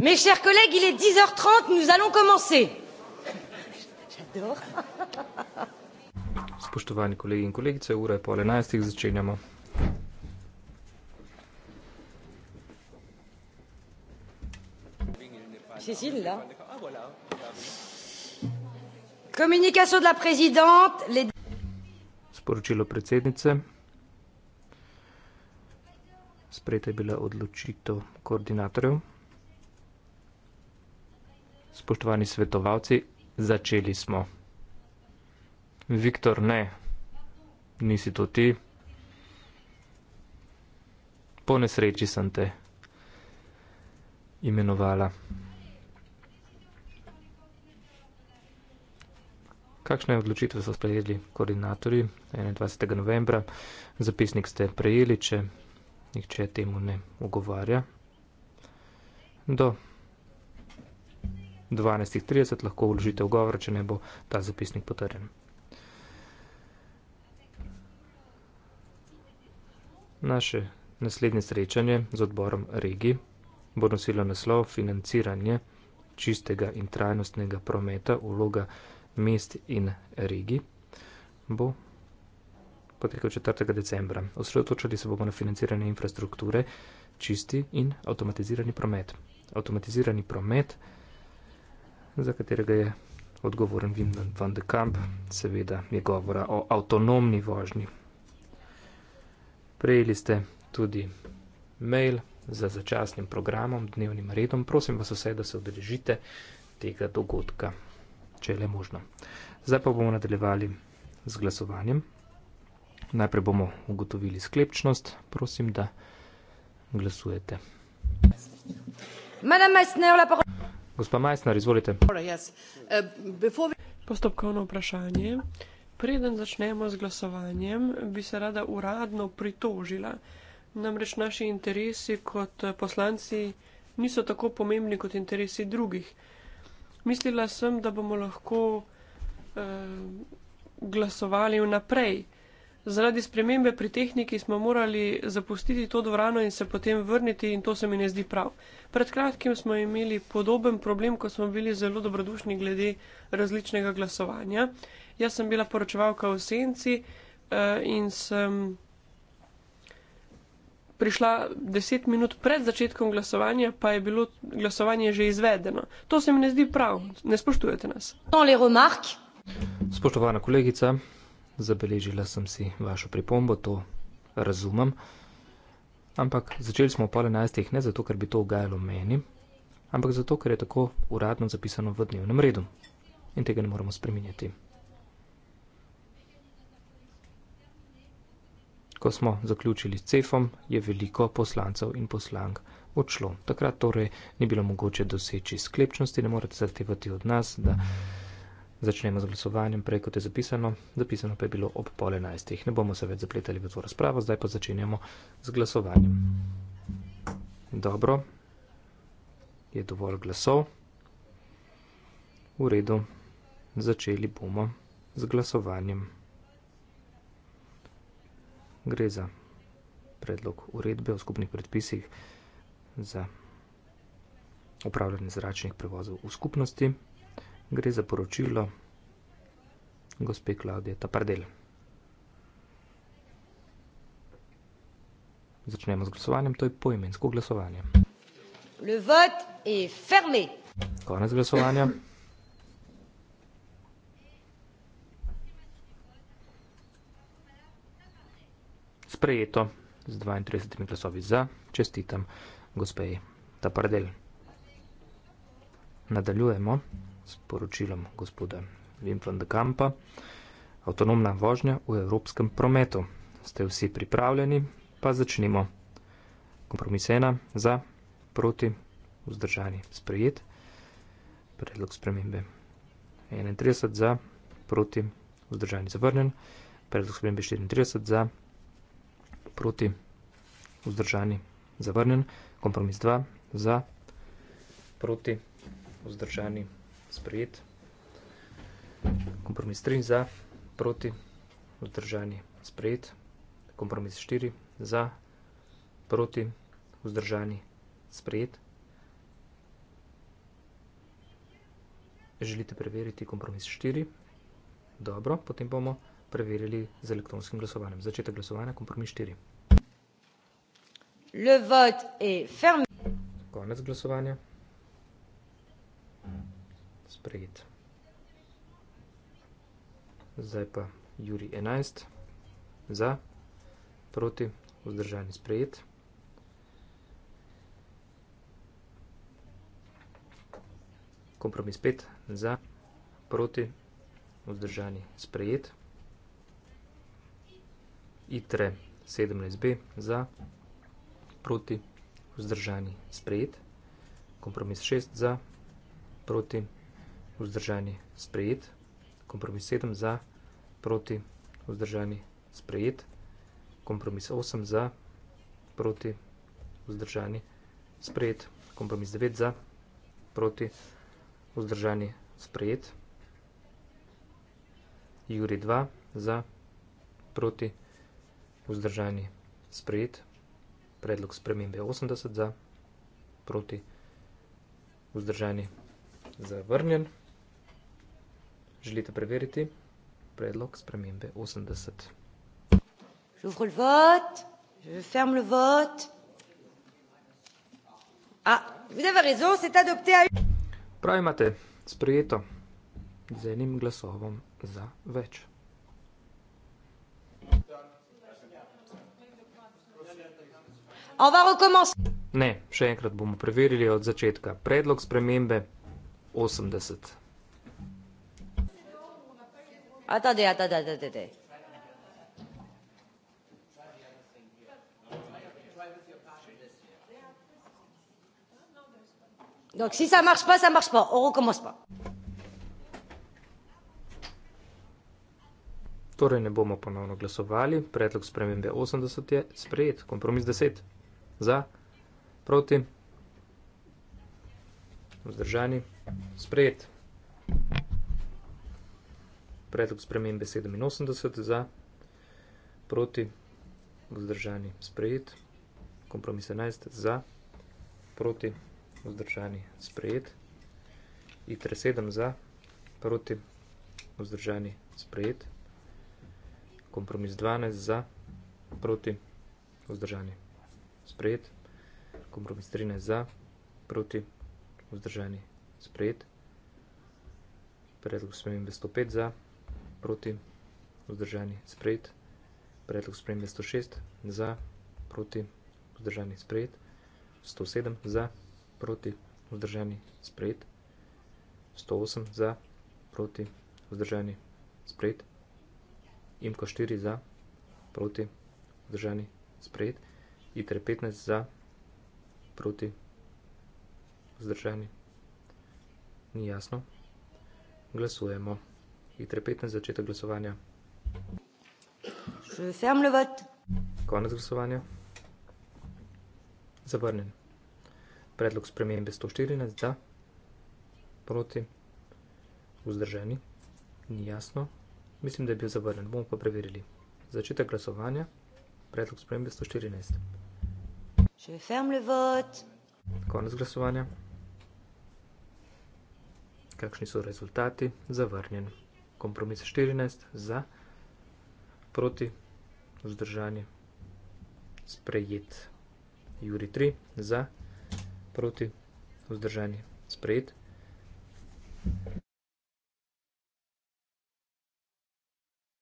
Mes chers collègues, il est 10h30, nous allons commencer. J'adore. Spoštovani kolegi in kolegice, ura je pol enajstih, začenjamo. Ah, Sporočilo predsednice. Sprejeta je bila odločitev koordinatorjev spoštovani svetovalci, začeli smo. Viktor, ne, nisi to ti. Po nesreči sem te imenovala. Kakšne odločitve so sprejeli koordinatorji 21. novembra? Zapisnik ste prejeli, če nihče temu ne ugovarja. Do 12.30 lahko vložite ugovor, če ne bo ta zapisnik potrjen. Naše naslednje srečanje z odborom Regi bo nosilo naslov financiranje čistega in trajnostnega prometa vloga mest in regi bo potekal 4. decembra. Osredotočali se bomo na financiranje infrastrukture, čisti in avtomatizirani promet. Avtomatizirani promet je za katerega je odgovoren Vindman van de Kamp, seveda je govora o avtonomni vožnji. Prejeli ste tudi mail za začasnim programom, dnevnim redom. Prosim vas vse, da se odrežite tega dogodka, če je le možno. Zdaj pa bomo nadaljevali z glasovanjem. Najprej bomo ugotovili sklepčnost. Prosim, da glasujete. Madame Masneu, la parole. Gospa Majsner, izvolite. Postopkovno vprašanje. Preden začnemo z glasovanjem, bi se rada uradno pritožila. Namreč naši interesi kot poslanci niso tako pomembni kot interesi drugih. Mislila sem, da bomo lahko eh, glasovali vnaprej. Zaradi spremembe pri tehniki smo morali zapustiti to dvorano in se potem vrniti in to se mi ne zdi prav. Pred kratkim smo imeli podoben problem, ko smo bili zelo dobrodušni glede različnega glasovanja. Jaz sem bila poročevalka v senci eh, in sem prišla deset minut pred začetkom glasovanja, pa je bilo glasovanje že izvedeno. To se mi ne zdi prav, ne spoštujete nas. Spoštovana kolegica zabeležila sem si vašo pripombo, to razumem. Ampak začeli smo ob pol enajstih ne zato, ker bi to ugajalo meni, ampak zato, ker je tako uradno zapisano v dnevnem redu. In tega ne moremo spremenjati. Ko smo zaključili s cefom, je veliko poslancev in poslank odšlo. Takrat torej ni bilo mogoče doseči sklepčnosti, ne morete zahtevati od nas, da. Mm -hmm. Začnemo z glasovanjem, prej kot je zapisano, zapisano pa je bilo ob pol enajstih. Ne bomo se več zapletali v to razpravo, zdaj pa začenjamo z glasovanjem. Dobro, je dovolj glasov. V redu, začeli bomo z glasovanjem. Gre za predlog uredbe o skupnih predpisih za upravljanje zračnih prevozov v skupnosti. Gre za poročilo gospe Klaudije Tapardel. Začnemo z glasovanjem, to je poimensko glasovanje. Le vote je fermé. Konec glasovanja. Sprejeto z 32 glasovi za, čestitam gospej Tapardel. Nadaljujemo s poročilom gospoda Wim van de Kampa. Avtonomna vožnja v evropskem prometu. Ste vsi pripravljeni? Pa začnimo. Kompromis ena za, proti, vzdržani, sprejet. Predlog spremembe 31 za, proti, vzdržani, zavrnjen. Predlog spremembe 34 za, proti, vzdržani, zavrnjen. Kompromis 2 za, proti, vzdržani, zavrnjen sprejet. Kompromis 3 za, proti, vzdržani, sprejet. Kompromis 4 za, proti, vzdržani, sprejet. Želite preveriti kompromis 4? Dobro, potem bomo preverili z elektronskim glasovanjem. Začetek glasovanja, kompromis 4. Le vote est fermé. Konec glasovanja. Mm sprejet. Zdaj pa Juri 11 za, proti, vzdržani sprejet. Kompromis 5 za, proti, vzdržani sprejet. ITRE 17B za, proti, vzdržani sprejet. Kompromis 6 za, proti, vzdržani sprejet vzdržani sprejet, kompromis 7 za, proti vzdržani sprejet, kompromis 8 za, proti vzdržani sprejet, kompromis 9 za, proti vzdržani sprejet, Juri 2 za, proti vzdržani sprejet, predlog spremembe 80 za, proti vzdržani zavrnjen. Želite preveriti? Predlog spremembe 80. J'ouvre le vote, je ferme le vote. Ah, vous avez raison, c'est adopté à. Prav imate, sprejeto. Z enim glasovom za več. Ne, še enkrat bomo preverili od začetka. Predlog spremembe 80. Attendez, attendez, attendez. Donc si ça marche pas, ça marche pas. On recommence pas. Torej ne bomo ponovno glasovali, predlog spremembe 80 je sprejet, kompromis 10 za, proti, vzdržani, sprejet predlog spremembe 87 za, proti, vzdržani, sprejet, kompromis 11 za, proti, vzdržani, sprejet, ITRE 7 za, proti, vzdržani, sprejet, kompromis 12 za, proti, vzdržani, sprejet, kompromis 13 za, proti, vzdržani, sprejet, predlog spremembe 105 za, proti, vzdržani, sprejet. Predlog spremembe 106, za, proti, vzdržani, sprejet. 107, za, proti, vzdržani, sprejet. 108, za, proti, vzdržani, sprejet. Imko 4, za, proti, vzdržani, sprejet. ITR 15, za, proti, vzdržani, ni jasno. Glasujemo. Hitre 15, začetek glasovanja. Še vsem levat. Konec glasovanja. Zavrnen. Predlog spremembe 114, za, proti, vzdrženi, ni jasno. Mislim, da je bil zavrnen, bomo pa preverili. Začetek glasovanja, predlog spremembe 114. Še vsem levat. Konec glasovanja. Kakšni so rezultati? Zavrnjen kompromis 14 za, proti, vzdržanje, sprejet. Juri 3 za, proti, vzdržanje, sprejet.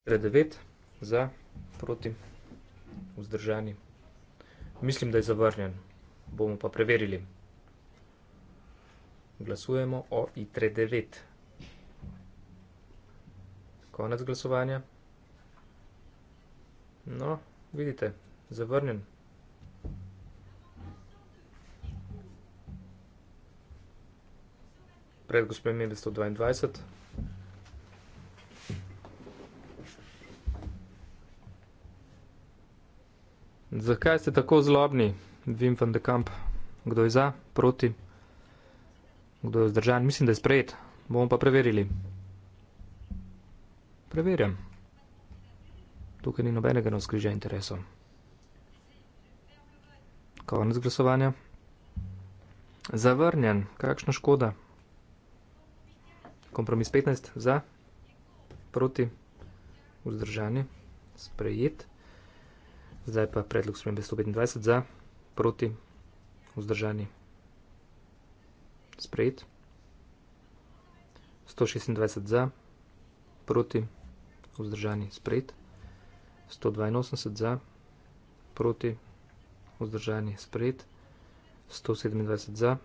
R9 za, proti, vzdržanje. Mislim, da je zavrnjen. Bomo pa preverili. Glasujemo o I3-9 konec glasovanja. No, vidite, zavrnjen. Pred gospod imeli 122. Zakaj ste tako zlobni, Wim van de Kamp? Kdo je za, proti? Kdo je zdržan? Mislim, da je sprejet. Bomo pa preverili. Preverjam. Tukaj ni nobenega navzkrižja interesov. Konec glasovanja. Zavrnjen. Kakšna škoda? Kompromis 15 za, proti, vzdržani, sprejet. Zdaj pa predlog spremembe 125 za, proti, vzdržani, sprejet. 126 za, proti, vzdržani vzdržani sprejet, 182 za, proti vzdržani sprejet, 127 za,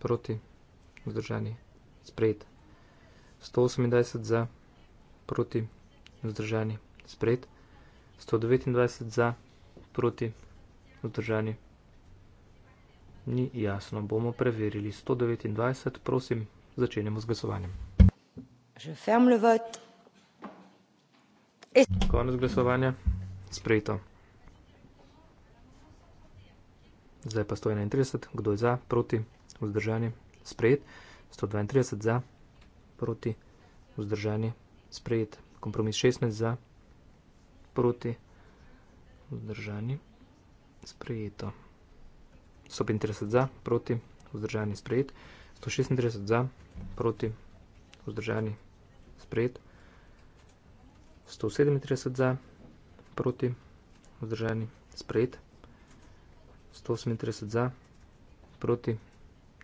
proti vzdržani sprejet, 128 za, proti vzdržani sprejet, 129 za, proti vzdržani ni jasno, bomo preverili 129, prosim, začenjamo z glasovanjem. Je ferme le vote. Konec glasovanja, sprejeto. Zdaj pa 131, kdo je za, proti, vzdržani, sprejet. 132 za, proti, vzdržani, sprejet. Kompromis 16 za, proti, vzdržani, sprejeto. 135 za, proti, vzdržani, sprejet. 136 za, proti, vzdržani, sprejet. 137 za, proti, vzdržani, sprejet. 138 za, proti,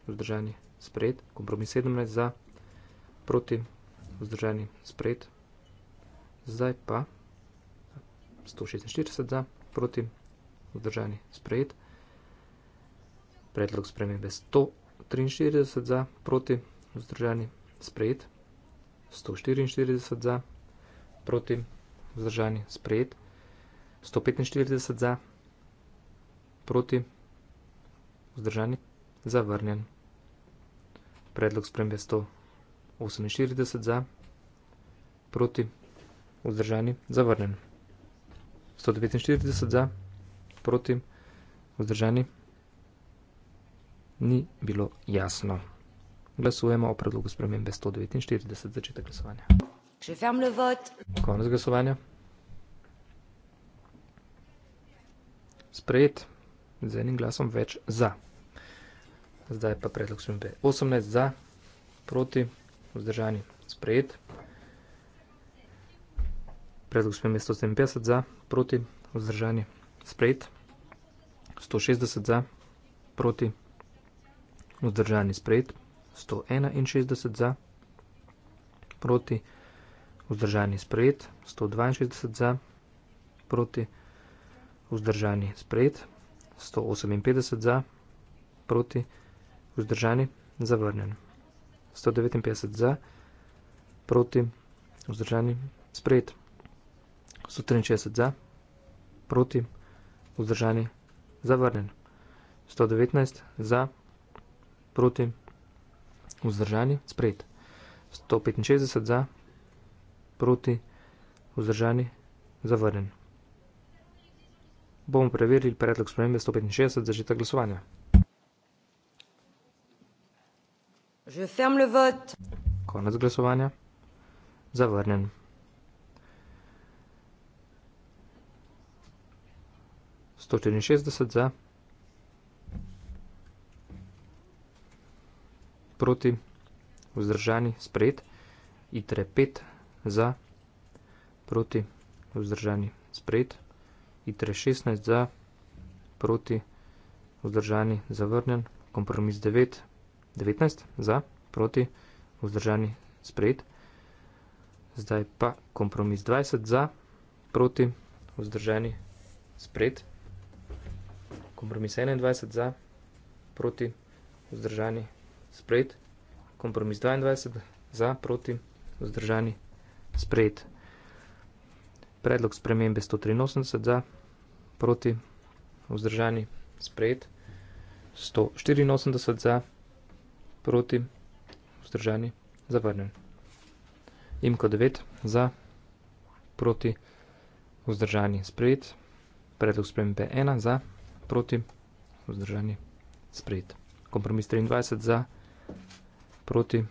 vzdržani, sprejet. Kompromis 17 za, proti, vzdržani, sprejet. Zdaj pa 146 za, proti, vzdržani, sprejet. Predlog spremembe 143 za, proti, vzdržani, sprejet. 144 za, proti, vzdržani, sprejet proti, vzdržani, sprejet. 145 za, proti, vzdržani, zavrnjen. Predlog spremembe 148 za, proti, vzdržani, zavrnjen. 149 za, proti, vzdržani, ni bilo jasno. Glasujemo o predlogu spremembe 149 začetek glasovanja. Je ferme le vote. Konec glasovanja. Sprejet z enim glasom več za. Zdaj pa predlog spremembe. 18 za, proti, vzdržani. Sprejet. Predlog spremembe 157 za, proti, vzdržani. Sprejet. 160 za, proti, vzdržani. Sprejet. 161 za, proti, vzdržani vzdržani sprejet, 162 za, proti, vzdržani sprejet, 158 za, proti, vzdržani, zavrnjen, 159 za, proti, vzdržani, sprejet, 163 za, proti, vzdržani, zavrnjen, 119 za, proti, vzdržani, sprejet, 165 za, proti, proti, vzdržani, zavrnen. Bomo preverili predlog spremembe 165 za žita glasovanja. Je ferm le vot. Konec glasovanja. Zavrnen. Sto štiriinšestdeset za, proti, vzdržani, sprejet, itre pet, za, proti, vzdržani, spred, ITRE 16 za, proti, vzdržani, zavrnjen, kompromis 9, 19 za, proti, vzdržani, spred, zdaj pa kompromis 20 za, proti, vzdržani, spred, kompromis 21 za, proti, vzdržani, spred, kompromis 22 za, proti, vzdržani, spred, sprejet predlog spremembe 183 za, proti, vzdržani, sprejet 184 za, proti, vzdržani, zavrnjen. Imko 9 za, proti, vzdržani, sprejet predlog spremembe 1 za, proti, vzdržani, sprejet. Kompromis 23 za, proti,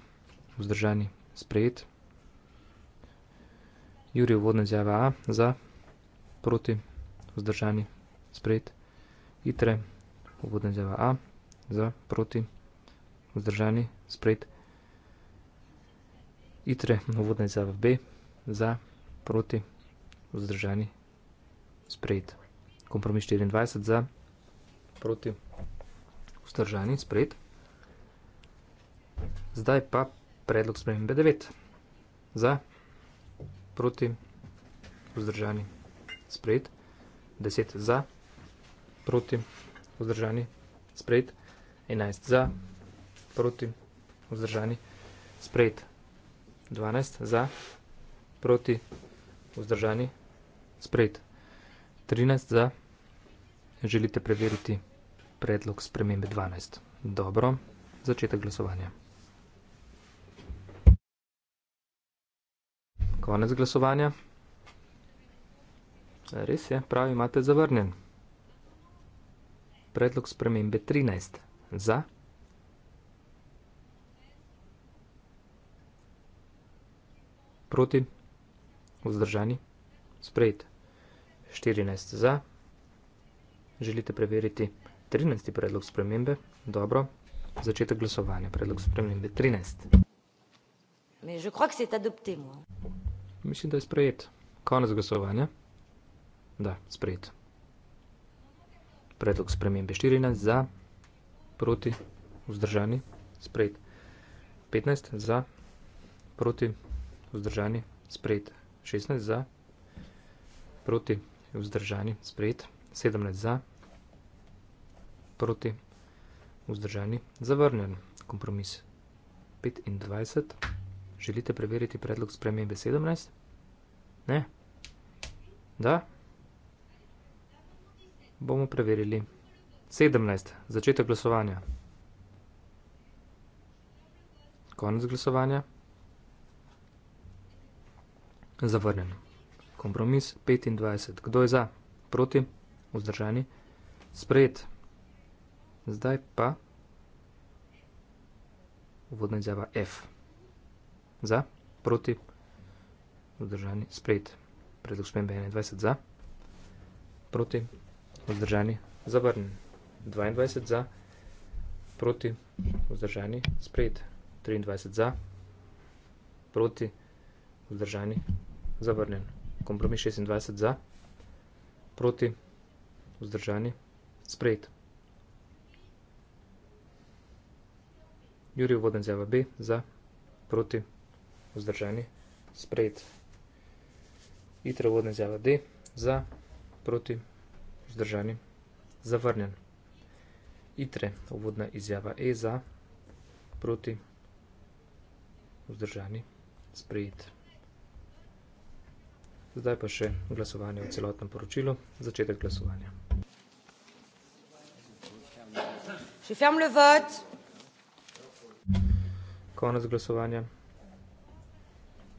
vzdržani, sprejet. Jurijo vodne izjave A za, proti, vzdržani, sprejet. Itre, vodne izjave A za, proti, vzdržani, sprejet. Itre, vodne izjave B za, proti, vzdržani, sprejet. Kompromis 24 za, proti, vzdržani, sprejet. Zdaj pa predlog spremembe 9 za, proti, vzdržani, sprejet proti, vzdržani, sprejet, 10 za, proti, vzdržani, sprejet, 11 za, proti, vzdržani, sprejet, 12 za, proti, vzdržani, sprejet, 13 za, želite preveriti predlog spremembe 12. Dobro, začetek glasovanja. Konec glasovanja. Res je, pravi imate zavrnjen. Predlog spremembe 13. Za. Proti. Vzdržani. Sprejet. 14. Za. Želite preveriti 13. predlog spremembe? Dobro. Začetek glasovanja. Predlog spremembe 13. Mais je crois que c'est adopté, moi. Mislim, da je sprejet. Konec glasovanja. Da, sprejet. Predlog spremembe 14 za, proti, vzdržani, sprejet. 15 za, proti, vzdržani, sprejet. 16 za, proti, vzdržani, sprejet. 17 za, proti, vzdržani, zavrnjen kompromis. 25. Želite preveriti predlog spremembe 17? Ne? Da? Bomo preverili. 17. Začetek glasovanja. Konec glasovanja. Zavrnen. Kompromis 25. Kdo je za? Proti? Vzdržani? Sprejet. Zdaj pa. Uvodna izjava F za, proti, vzdržani, sprejet. Predlog spremembe 21 za, proti, vzdržani, zavrnjen. 22 za, proti, vzdržani, sprejet. 23 za, proti, vzdržani, zavrnjen. Kompromis 26 za, proti, vzdržani, sprejet. Jurij Vodan zjava B za, proti, vzdržani vzdržani, sprejet itra vodne izjave D, za, proti, vzdržani, zavrnjen. Itre vodna izjava E za, proti, vzdržani, sprejet. Zdaj pa še glasovanje v celotnem poročilu, začetek glasovanja. Je ferme le vote. Konec glasovanja.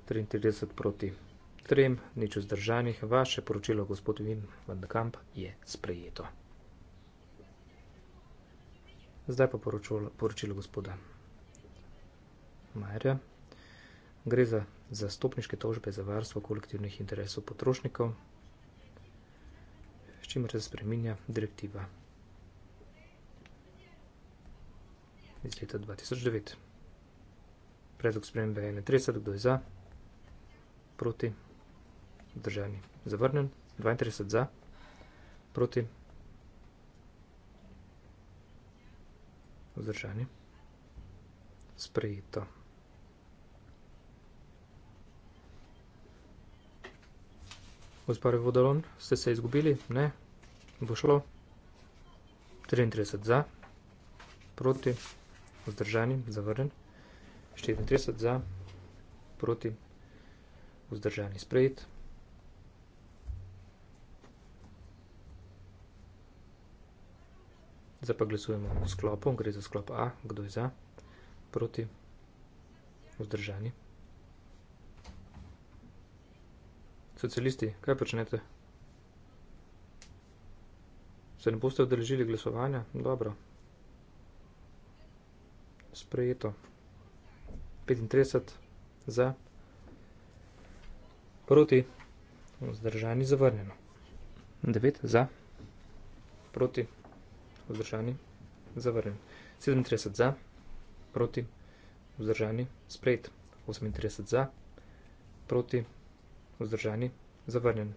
33 proti 3, nič vzdržanih. Vaše poročilo, gospod Vim van de Kamp, je sprejeto. Zdaj pa poročilo, poročilo gospoda Majerja. Gre za zastopniške tožbe za varstvo kolektivnih interesov potrošnikov, s čimer se spreminja direktiva iz leta 2009. Predlog spremembe je 31, kdo je za? proti, zdržani, zavrnen, 32 za, proti, zdržani, sprejeto. Gospare Vodalon, ste se izgubili? Ne, bo šlo. 33 za, proti, zdržani, zavrnen, 34 za, proti, zdržani vzdržani sprejet. Zdaj pa glasujemo v sklopu, gre za sklop A, kdo je za, proti, vzdržani. Socialisti, kaj počnete? Se ne boste odrežili glasovanja? Dobro. Sprejeto. 35 za, Proti. Vzdržani zavrnjeno. 9 za. Proti. Vzdržani zavrnjeno. 37 za. Proti. Vzdržani sprejet. 38 za. Proti. Vzdržani zavrnjeno.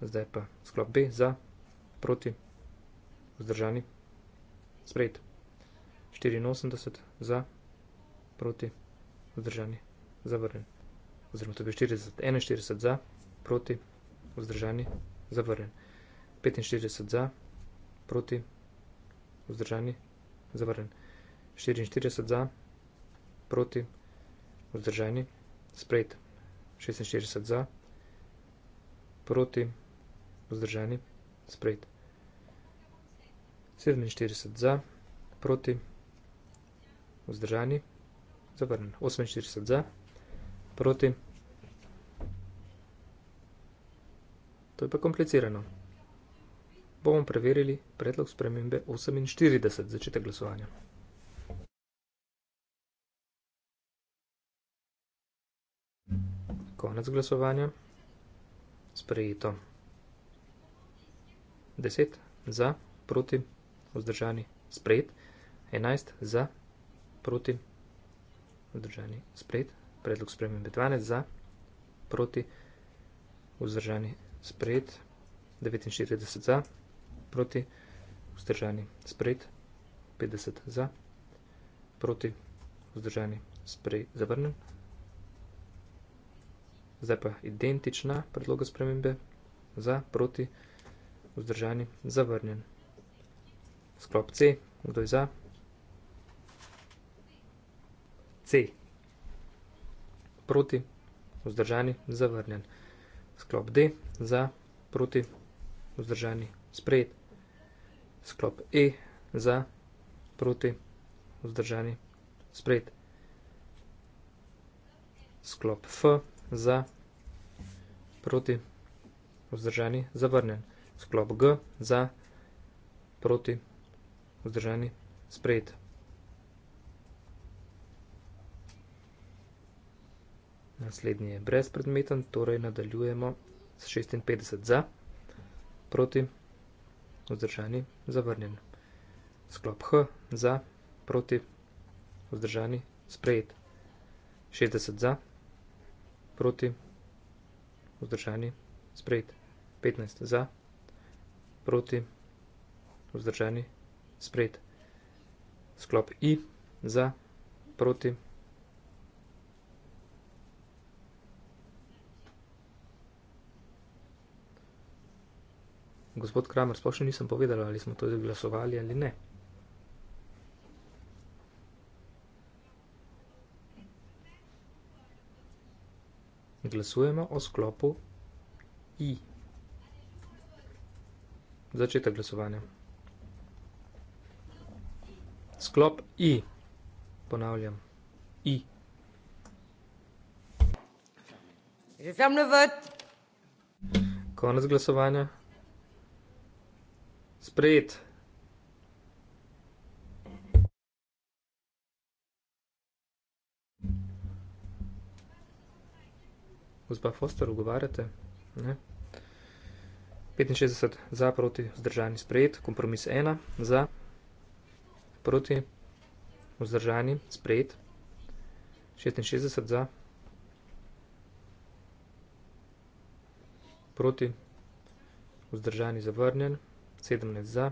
Zdaj pa sklop B za. Proti. Vzdržani sprejet. 84 za. Proti. Vzdržani zavrnjeno oziroma to je 40, 41 za, proti, vzdržani, zavrnjen. 45 za, proti, vzdržani, zavrnjen. 44 za, proti, vzdržani, sprejet. 46 za, proti, vzdržani, sprejet. 47 za, proti, vzdržani, zavrnjen. 48 za proti. To je pa komplicirano. Bomo preverili predlog spremembe 48, začetek glasovanja. Konec glasovanja. Sprejeto. 10 za, proti, vzdržani, sprejet. 11 za, proti, vzdržani, sprejet predlog spremembe 12 za, proti, vzdržani sprejet, 49 za, proti, vzdržani sprejet, 50 za, proti, vzdržani sprejet, zavrnen. Zdaj pa identična predloga spremembe za, proti, vzdržani, zavrnjen. Sklop C, kdo je za? C proti, vzdržani, zavrnjen. Sklop D, za, proti, vzdržani, sprejet. Sklop E, za, proti, vzdržani, sprejet. Sklop F, za, proti, vzdržani, zavrnjen. Sklop G, za, proti, vzdržani, sprejet. naslednji je brezpredmeten, torej nadaljujemo s 56 za, proti, vzdržani, zavrnjen. Sklop H za, proti, vzdržani, sprejet. 60 za, proti, vzdržani, sprejet. 15 za, proti, vzdržani, sprejet. Sklop I za, proti, vzdržani. gospod Kramer, spošni nisem povedala, ali smo to izglasovali ali ne. Glasujemo o sklopu I. Začetek glasovanja. Sklop I. Ponavljam. I. Že sam ne vod. Konec glasovanja. Sprejet. Gospa Foster, ugovarjate? Ne. 65 za, proti, vzdržani, sprejet, kompromis 1 za, proti, vzdržani, sprejet, 66 za, proti, vzdržani, zavrnjen. 17 za,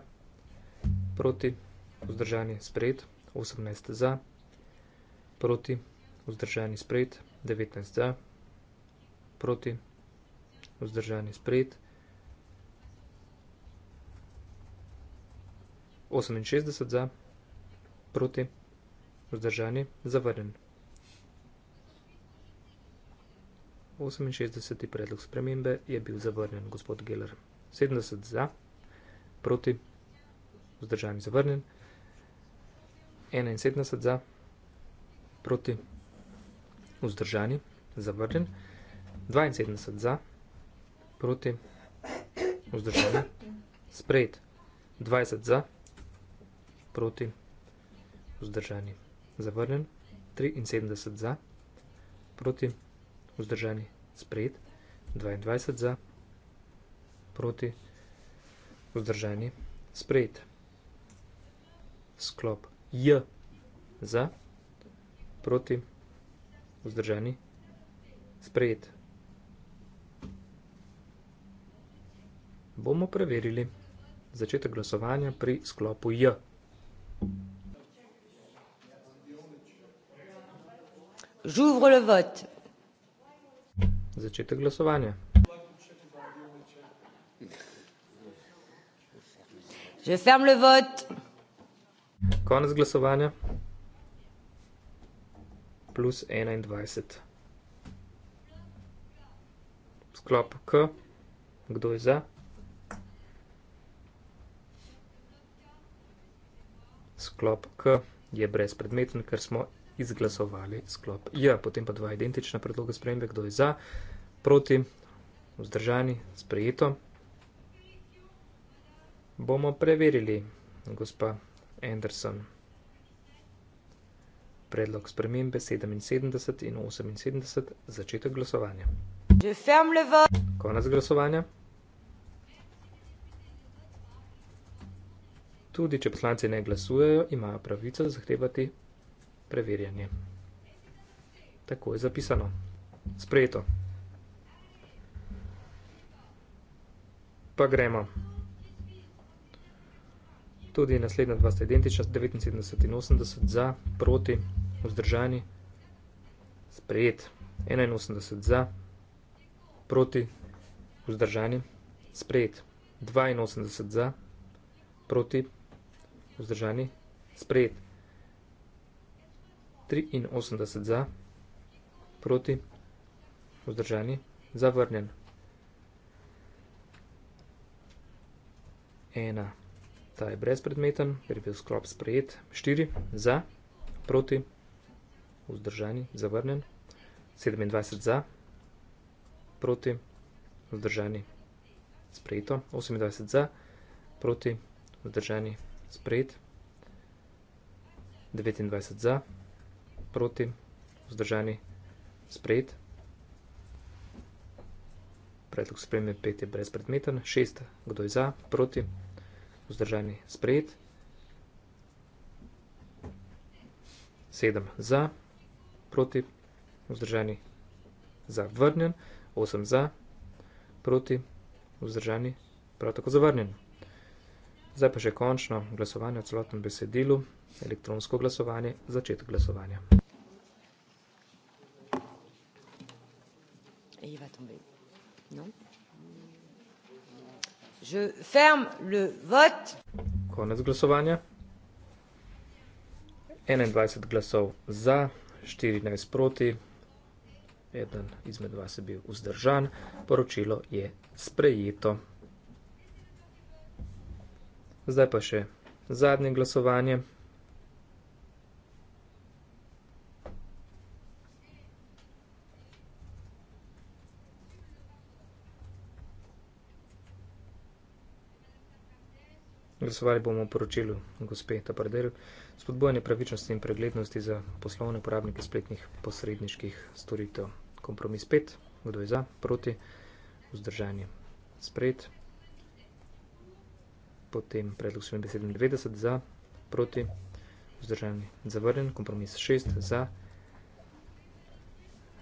proti, vzdržanje sprejet, 18 za, proti, vzdržanje sprejet, 19 za, proti, vzdržanje sprejet, 68 za, proti, vzdržanje zavrnen. 68. predlog spremembe je bil zavrnjen, gospod Geller. 70 za proti, vzdržan in zavrnjen. 71 za, proti, vzdržan in zavrnjen. 72 za, proti, vzdržan in sprejet. 20 za, proti, vzdržan in zavrnjen. 73 za, proti, vzdržan in sprejet. 22 za, proti, vzdržan in zavrnjen vzdrženi, sprejeti. Sklop J za, proti, vzdrženi, sprejeti. Bomo preverili začetek glasovanja pri sklopu J. J'ouvre le vote. Začetek glasovanja. Že ferme le vote. Konec glasovanja. Plus 21. Sklop K. Kdo je za? Sklop K je brezpredmeten, ker smo izglasovali sklop J. Potem pa dva identična predloga spremembe. Kdo je za? Proti? Vzdržani? Sprejeto? Bomo preverili, gospa Anderson. Predlog spremembe 77 in 78, začetek glasovanja. Konec glasovanja. Tudi če poslanci ne glasujejo, imajo pravico zahtevati preverjanje. Tako je zapisano. Sprejeto. Pa gremo tudi naslednja dva sta identična, 79 in 80 za, proti, vzdržani, sprejet, 81 za, proti, vzdržani, sprejet, 82 za, proti, vzdržani, sprejet, 83 za, proti, vzdržani, zavrnjen. 1, ta je brezpredmeten, ker je bil sklop sprejet. 4 za, proti, vzdržani, zavrnen. 27 za, proti, vzdržani, sprejeto. 28 za, proti, vzdržani, sprejet. 29 za, proti, vzdržani, sprejet. Predlog spremembe 5 je brezpredmeten. 6 kdo je za, proti vzdržani, sprejet. 7 za, proti, vzdržani, zavrnjen. 8 za, proti, vzdržani, prav tako zavrnjen. Zdaj pa še končno glasovanje v celotnem besedilu, elektronsko glasovanje, začetek glasovanja. Il va tomber. Non Je ferme le vote. Konec glasovanja. 21 glasov za, 14 proti, eden izmed vas je bil vzdržan, poročilo je sprejeto. Zdaj pa še zadnje glasovanje. Glasovali bomo o poročilu gospe Tabardel, spodbojanje pravičnosti in preglednosti za poslovne uporabnike spletnih posredniških storitev. Kompromis 5, kdo je za, proti, vzdržanje. Spred, potem predlog 97 za, proti, vzdržanje. Zavrnjen, kompromis 6 za.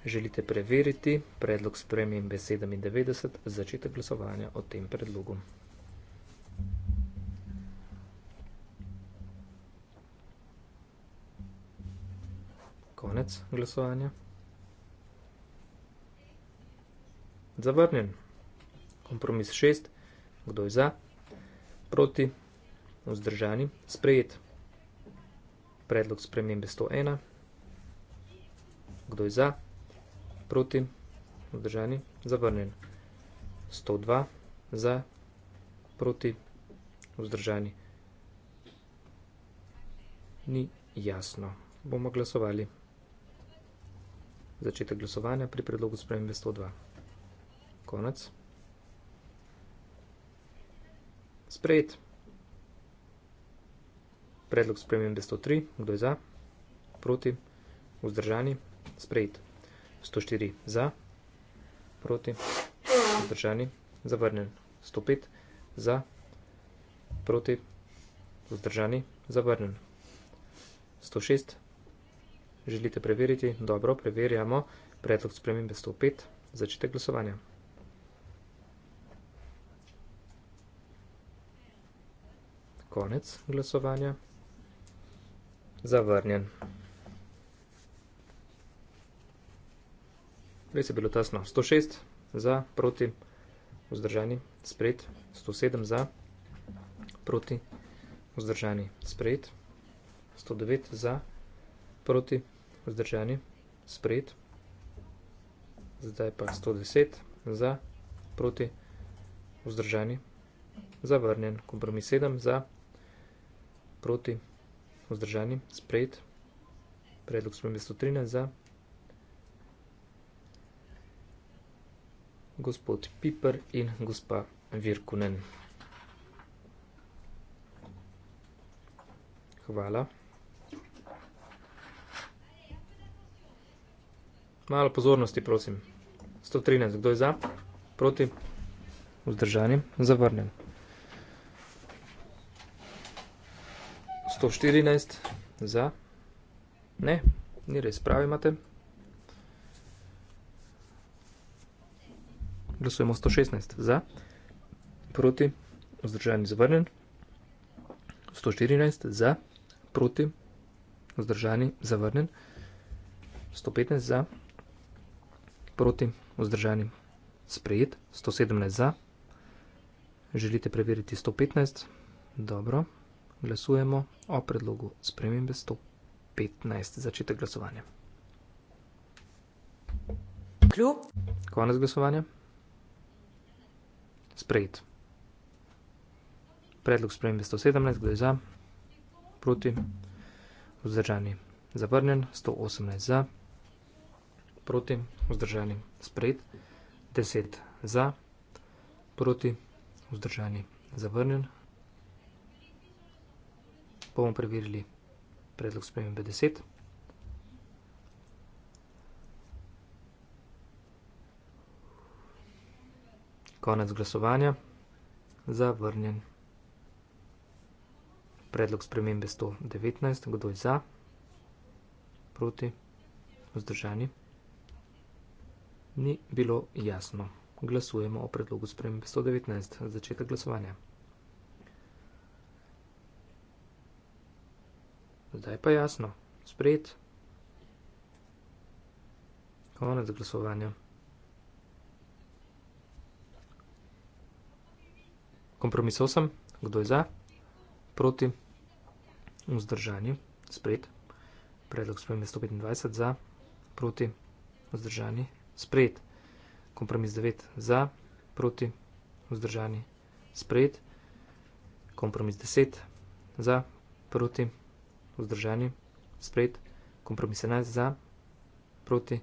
Želite preveriti predlog s premijem B97, začetek glasovanja o tem predlogu. konec glasovanja. Zavrnjen. Kompromis 6. Kdo je za? Proti. Vzdržani. Sprejet. Predlog spremembe 101. Kdo je za? Proti. Vzdržani. Zavrnjen. 102. Za. Proti. Vzdržani. Ni jasno. Bomo glasovali začetek glasovanja pri predlogu spremembe 102. Konec. Sprejet. Predlog spremembe 103. Kdo je za? Proti. Vzdržani. Sprejet. 104. Za. Proti. Vzdržani. Zavrnjen. 105. Za. Proti. Vzdržani. Zavrnjen. 106. Želite preveriti? Dobro, preverjamo. Predlog spremembe 105. Začite glasovanje. Konec glasovanja. Zavrnjen. Res je bilo tasno. 106 za, proti, vzdržani, sprejet. 107 za, proti, vzdržani, sprejet. 109 za, proti, vzdržani vzdržani, sprejet, zdaj pa 110 za, proti, vzdržani, zavrnjen, kompromis 7 za, proti, vzdržani, sprejet, predlog smo 113 za, gospod Piper in gospa Virkunen. Hvala. Malo pozornosti, prosim. 113, kdo je za? Proti? Vzdržanim? Zavrnjen. 114, za? Ne, ni res, pravi imate. Glasujemo 116, za? Proti? Vzdržanim? Zavrnjen. 114, za? Proti? Vzdržanim? Zavrnjen. 115, za? Proti? proti, vzdržanim, sprejet, 117 za. Želite preveriti 115? Dobro. Glasujemo o predlogu spremembe 115. Začetek glasovanja. Klju. Konec glasovanja. Sprejet. Predlog spremembe 117, kdo je za? Proti. Vzdržani. Zavrnjen. 118 za proti, vzdržani, sprejet, 10 za, proti, vzdržani, zavrnjen. Bomo preverili predlog spremembe 10. Konec glasovanja, zavrnjen. Predlog spremembe 119, kdo je za, proti, vzdržani, vzdržani ni bilo jasno. Glasujemo o predlogu spremembe 119. Začetek glasovanja. Zdaj pa jasno. Sprejet. Konec glasovanja. Kompromis 8. Kdo je za? Proti. Vzdržani. Sprejet. Predlog spremembe 125 za. Proti. Vzdržani sprejet. Kompromis 9 za, proti, vzdržani, sprejet. Kompromis 10 za, proti, vzdržani, sprejet. Kompromis 11 za, proti,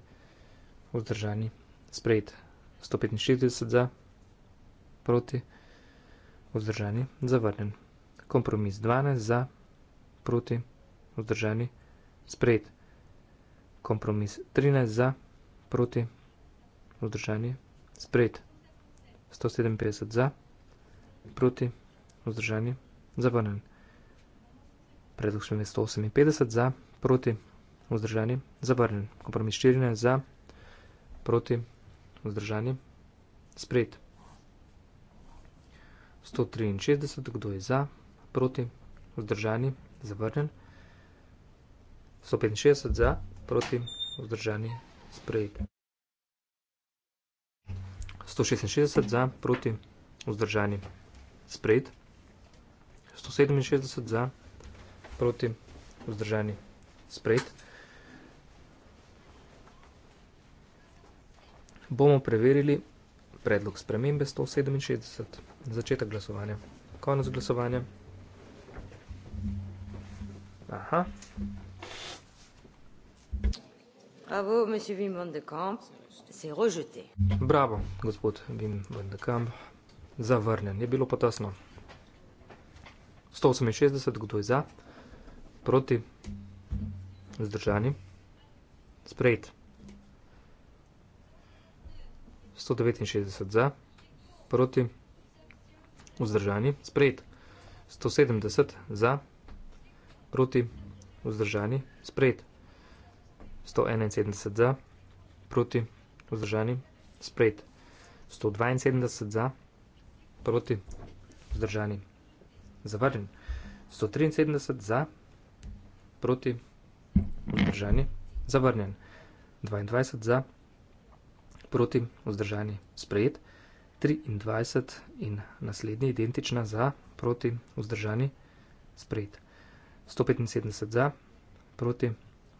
vzdržani, sprejet. 165 za, proti, vzdržani, zavrnen. Kompromis 12 za, proti, vzdržani, sprejet. Kompromis 13 za, proti, vzdržani, sprejet vzdržanje, sprejet 157 za, proti vzdržanje, zavrnen. Predlog člene 158 za, proti vzdržanje, zavrnen. Kompromis 14 za, proti vzdržanje, sprejet 163, kdo je za, proti vzdržanje, zavrnen. 165 za, proti vzdržanje, sprejet. 166 za, proti, vzdržani, sprejet. 167 za, proti, vzdržani, sprejet. Bomo preverili predlog spremembe 167, začetek glasovanja, konec glasovanja. Aha. Bravo, monsieur Vimon de Camp se je rožiti. Bravo, gospod Vim Vendekam, zavrnjen. Je bilo potasno. 168, kdo je za, proti, zdržani, sprejet. 169 za, proti, vzdržani, sprejet. 170 za, proti, vzdržani, sprejet. 171 za, proti, vzdržani vzdržani, sprejet 172 za, proti vzdržani, zavrnjen 173 za, proti vzdržani, zavrnjen 22 za, proti vzdržani, sprejet 23 in naslednji identična za, proti vzdržani, sprejet 175 za, proti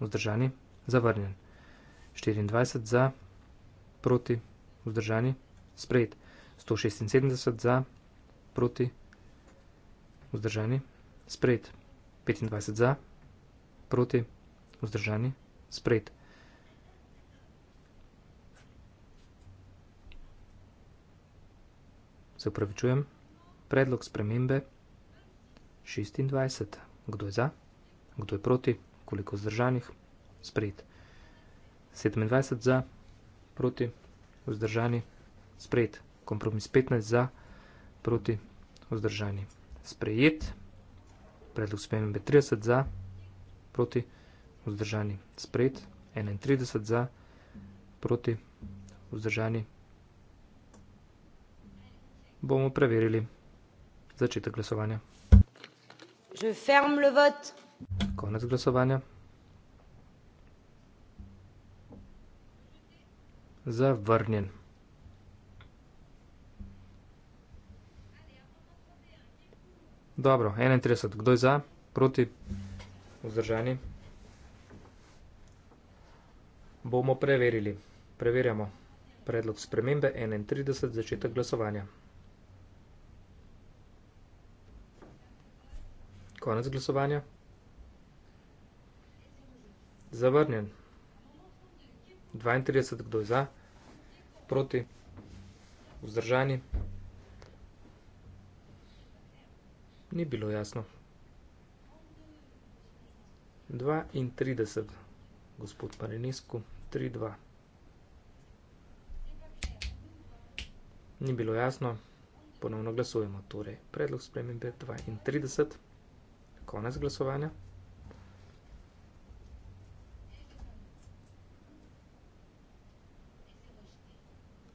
vzdržani, zavrnjen 24 za, proti vzdržani, proti, vzdržani, sprejet. 176 za, proti, vzdržani, sprejet. 25 za, proti, vzdržani, sprejet. Se upravičujem. Predlog spremembe 26. Kdo je za? Kdo je proti? Koliko zdržanih? Sprejet. 27 za, proti, vzdržani, sprejet. Kompromis 15 za, proti, vzdržani, sprejet. Predlog spremembe 30 za, proti, vzdržani, sprejet. 31 za, proti, vzdržani. Bomo preverili začetek glasovanja. Je ferme le vote. Konec glasovanja. zavrnjen. Dobro, 31. Kdo je za? Proti? Vzdržani? Bomo preverili. Preverjamo. Predlog spremembe 31. Začetek glasovanja. Konec glasovanja. Zavrnjen. 32, kdo je za, proti, vzdržani. Ni bilo jasno. 32, gospod Parenisku, 3, 2. Ni bilo jasno, ponovno glasujemo. Torej, predlog spremembe 32, konec glasovanja.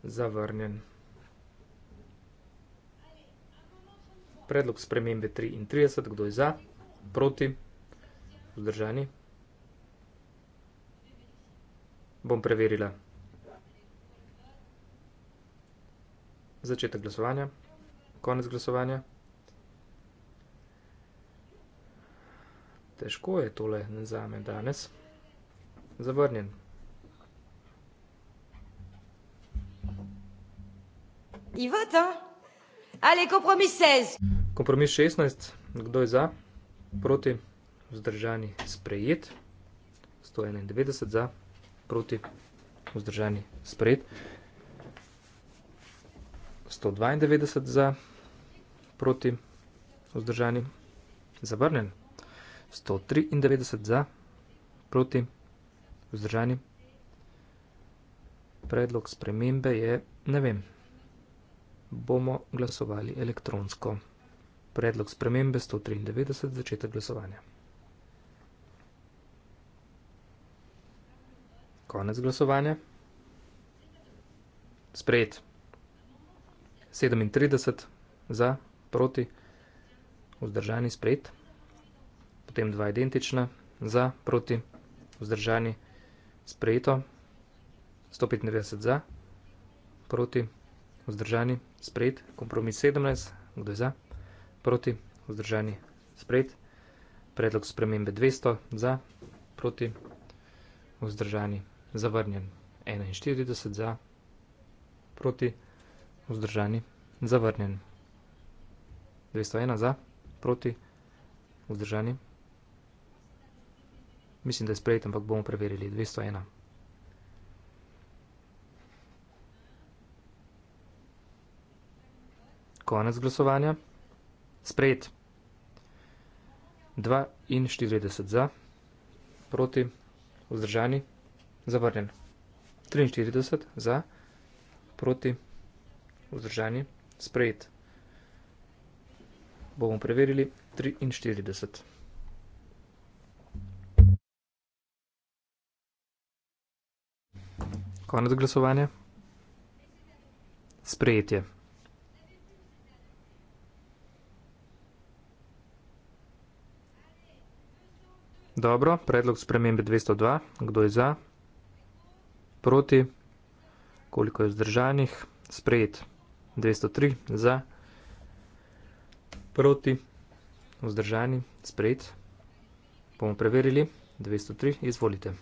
zavrnjen. Predlog spremembe 33, kdo je za, proti, vzdržani. Bom preverila začetek glasovanja, konec glasovanja. Težko je tole za me danes. Zavrnjen. Ivota, ali je kompromis 16? Kompromis 16, kdo je za, proti, vzdržani, sprejet, 191 za, proti, vzdržani, sprejet, 192 za, proti, vzdržani, zavrnjen, 193 za, proti, vzdržani. Predlog spremembe je, ne vem bomo glasovali elektronsko. Predlog spremembe 193 začetek glasovanja. Konec glasovanja. Sprejet. 37 za, proti, vzdržani, sprejet. Potem dva identična, za, proti, vzdržani, sprejeto. 195 za, proti, vzdržani, sprejet, kompromis 17, kdo je za, proti, vzdržani, sprejet, predlog spremembe 200, za, proti, vzdržani, zavrnjen, 41 za, proti, vzdržani, zavrnjen, 201 za, proti, vzdržani, mislim, da je sprejet, ampak bomo preverili, 201. Konec glasovanja. Sprejet. 42 za, proti, vzdržani, zavrnjen. 43 za, proti, vzdržani, sprejet. Bomo preverili 43. Konec glasovanja. Sprejetje. Dobro, predlog spremembe 202. Kdo je za? Proti? Koliko je vzdržanih? Sprejet 203. Za? Proti? Vzdržani? Sprejet. Bomo preverili. 203. Izvolite.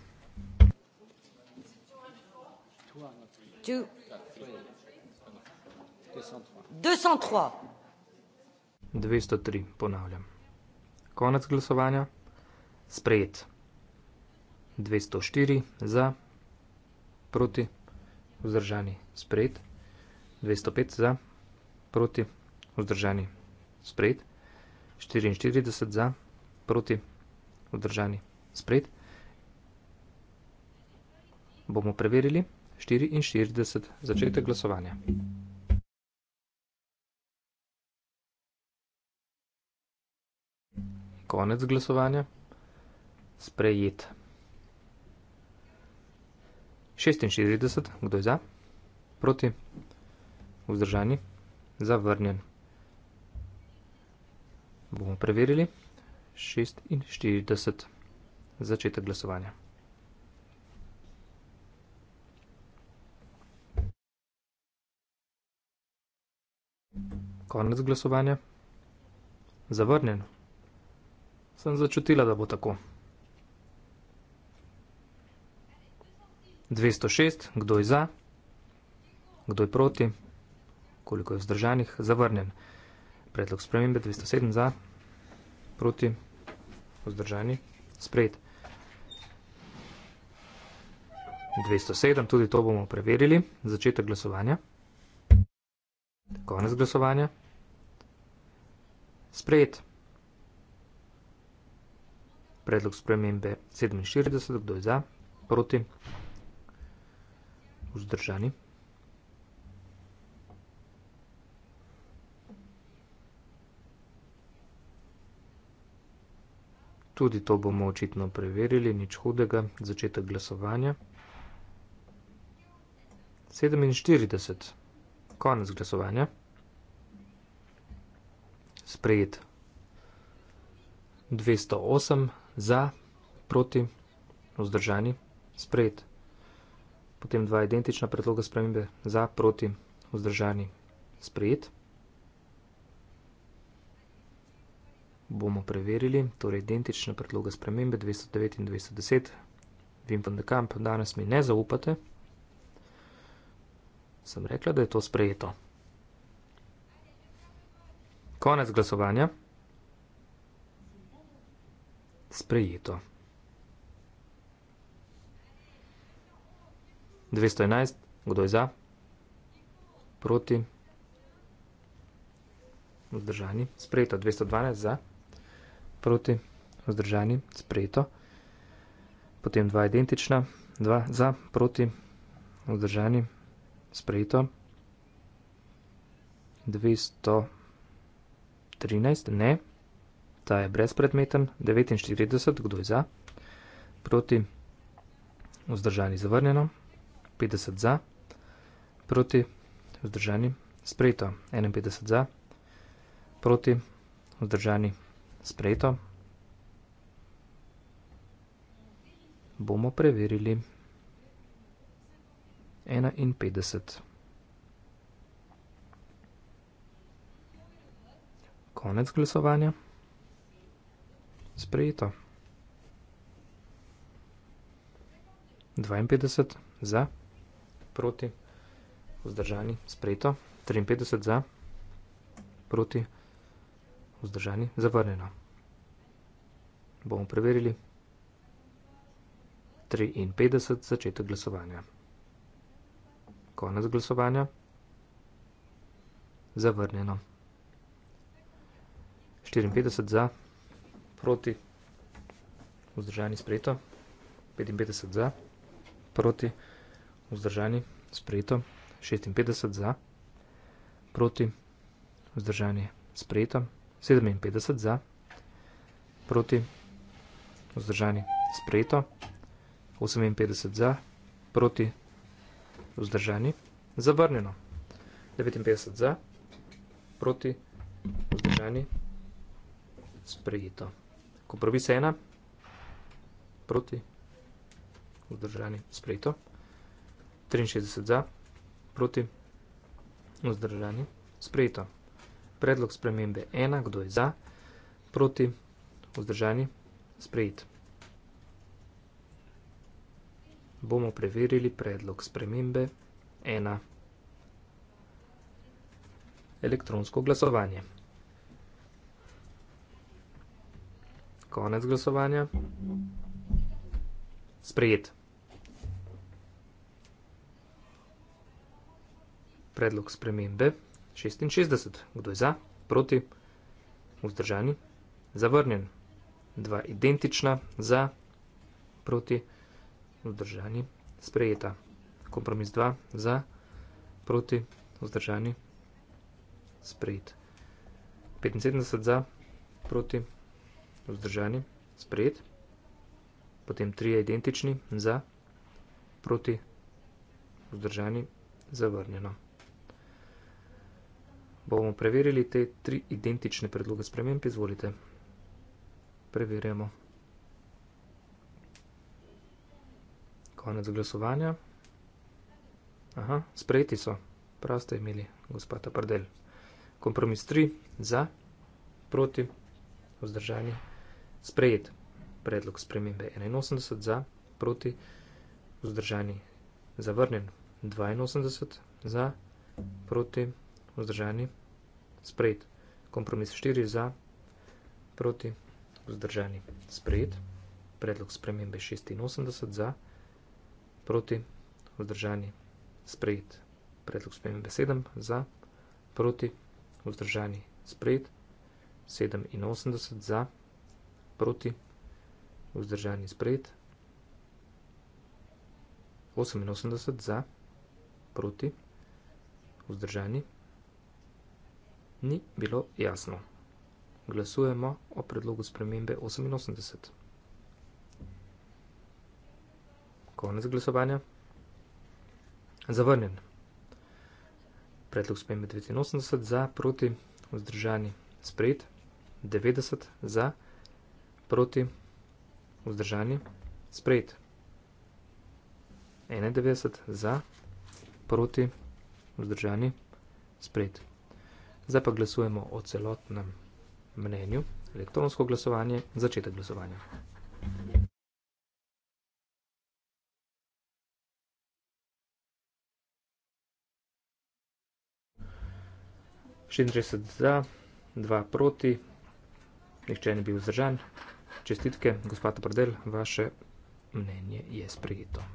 Dvesto tri, ponavljam. Konec glasovanja. Sprejet. 204 za, proti, vzdržani, sprejet. 205 za, proti, vzdržani, sprejet. 44 za, proti, vzdržani, sprejet. Bomo preverili. 44 začetek glasovanja. Konec glasovanja sprejet. 46, kdo je za? Proti? Vzdržani? Zavrnjen. Bomo preverili. 46, začetek glasovanja. Konec glasovanja. Zavrnjen. Sem začutila, da bo tako. 206, kdo je za, kdo je proti, koliko je vzdržanih, zavrnjen. Predlog spremembe 207 za, proti, vzdržani, sprejet. 207, tudi to bomo preverili, začetek glasovanja, konec glasovanja, sprejet. Predlog spremembe 47, kdo je za, proti, vzdržani vzdržani. Tudi to bomo očitno preverili, nič hudega, začetek glasovanja. 47, konec glasovanja. Sprejet 208, za, proti, vzdržani, sprejet 208 potem dva identična predloga spremembe za, proti, vzdržani, sprejet. Bomo preverili, torej identična predloga spremembe 209 in 210. Vim van de Kamp, danes mi ne zaupate. Sem rekla, da je to sprejeto. Konec glasovanja. Sprejeto. 211, kdo je za? Proti? Vzdržani, sprejeto, 212 za, proti, vzdržani, sprejeto, potem dva identična, dva za, proti, vzdržani, sprejeto, 213, ne, ta je brezpredmeten, 49, kdo je za, proti, vzdržani, zavrnjeno, 50 za, proti, vzdržani, sprejeto, 51 za, proti, vzdržani, sprejeto. Bomo preverili 51. Konec glasovanja. Sprejeto. 52 za proti, vzdržani, sprejeto, 53 za, proti, vzdržani, zavrnjeno. Bomo preverili. 53 začetek glasovanja. Konec glasovanja. Zavrnjeno. 54 za, proti, vzdržani, sprejeto, 55 za, proti, vzdržani vzdržani, sprejeto, 56 za, proti, vzdržani, sprejeto, 57 za, proti, vzdržani, sprejeto, 58 za, proti, vzdržani, zavrnjeno, 59 za, proti, vzdržani, sprejeto. Ko pravi se ena, proti, vzdržani, sprejeto. 63 za, proti, vzdržani, sprejeto. Predlog spremembe 1, kdo je za, proti, vzdržani, sprejet. Bomo preverili predlog spremembe 1. Elektronsko glasovanje. Konec glasovanja. Sprejet. predlog spremembe 66. Kdo je za? Proti? Vzdržani? Zavrnjen. Dva identična za, proti, vzdržani, sprejeta. Kompromis 2 za, proti, vzdržani, sprejet. 75 za, proti, vzdržani, sprejet. Potem 3 identični za, proti, vzdržani, zavrnjeno bomo preverili te tri identične predloge sprememb. Izvolite. Preverjamo. Konec glasovanja. Aha, sprejeti so. Prav ste imeli, gospod Tapardel. Kompromis 3 za, proti, vzdržani. Sprejet predlog spremembe 81 za, proti, vzdržani. Zavrnjen 82 za, proti, vzdržani vzdržani. Sprejet. Kompromis 4 za, proti, vzdržani. Sprejet. Predlog spremembe 86 za, proti, vzdržani. Sprejet. Predlog spremembe 7 za, proti, vzdržani. Sprejet. 87 za, proti, vzdržani. Sprejet. 88 za, proti, vzdržani ni bilo jasno. Glasujemo o predlogu spremembe 88. Konec glasovanja. Zavrnjen. Predlog spremembe 89 za, proti, vzdržani, sprejet. 90 za, proti, vzdržani, sprejet. 91 za, proti, vzdržani, sprejet. Zdaj pa glasujemo o celotnem mnenju. Elektronsko glasovanje, začetek glasovanja. Šindrejset za, dva proti, nihče ne bil vzdržan. Čestitke, gospod Prdel, vaše mnenje je sprejeto.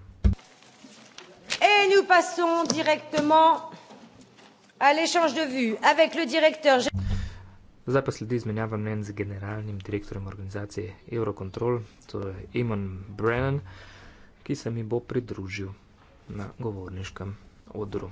E, nous passons directement à l'échange de vues avec le directeur. Zdaj pa sledi izmenjava mnen z generalnim direktorem organizacije Eurocontrol, to je Eamon Brennan, ki se mi bo pridružil na govorniškem odru.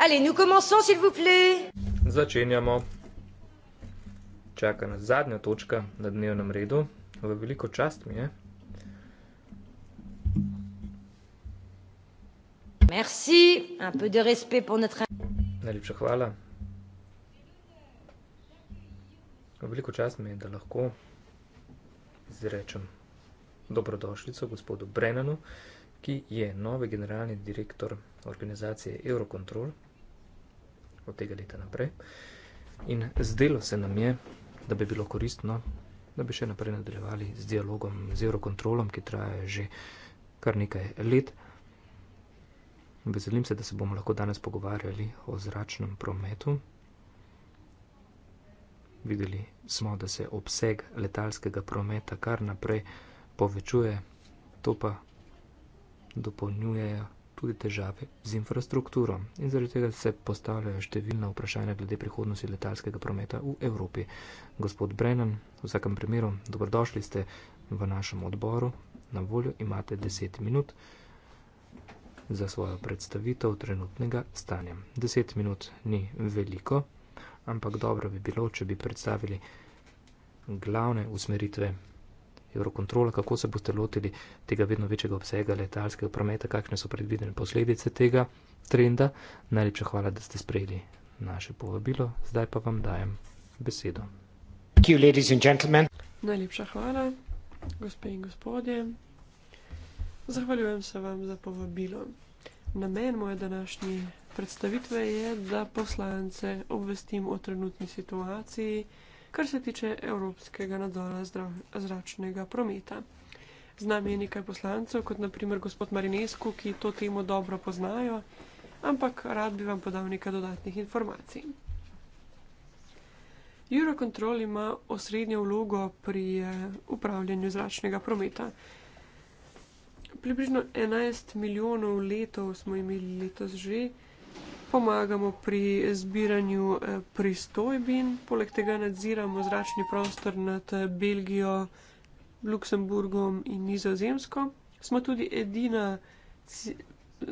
Allez, nous commençons, s'il vous plaît. Začenjamo. Čaka nas zadnja točka na dnevnem redu. V veliko čast mi je. Merci, un peu de respect pour notre. Najlepša hvala. V veliko čast mi je, da lahko izrečem dobrodošlico gospodu Brennanu, ki je novi generalni direktor organizacije Eurocontrol od tega leta naprej. In zdelo se nam je, da bi bilo koristno, da bi še naprej nadaljevali z dialogom z Eurocontrolom, ki traja že kar nekaj let. Veselim se, da se bomo lahko danes pogovarjali o zračnem prometu. Videli smo, da se obseg letalskega prometa kar naprej povečuje, to pa dopolnjujejo tudi težave z infrastrukturo in zaradi tega se postavljajo številna vprašanja glede prihodnosti letalskega prometa v Evropi. Gospod Brennan, v vsakem primeru, dobrodošli ste v našem odboru, na voljo imate 10 minut za svojo predstavitev trenutnega stanja. 10 minut ni veliko, ampak dobro bi bilo, če bi predstavili glavne usmeritve Eurocontrola, kako se boste lotili tega vedno večjega obsega letalskega prometa, kakšne so predvidene posledice tega trenda. Najlepša hvala, da ste sprejeli naše povabilo, zdaj pa vam dajem besedo. You, Najlepša hvala, gospe in gospodje. Zahvaljujem se vam za povabilo. Namen moje današnje predstavitve je, da poslance obvestim o trenutni situaciji kar se tiče evropskega nadzora zračnega prometa. Z nami je nekaj poslancev, kot naprimer gospod Marinesku, ki to temo dobro poznajo, ampak rad bi vam podal nekaj dodatnih informacij. Eurocontrol ima osrednjo vlogo pri eh, upravljanju zračnega prometa. Približno 11 milijonov letov smo imeli letos že pomagamo pri zbiranju eh, pristojbin, poleg tega nadziramo zračni prostor nad eh, Belgijo, Luksemburgom in Nizozemsko. Smo tudi edina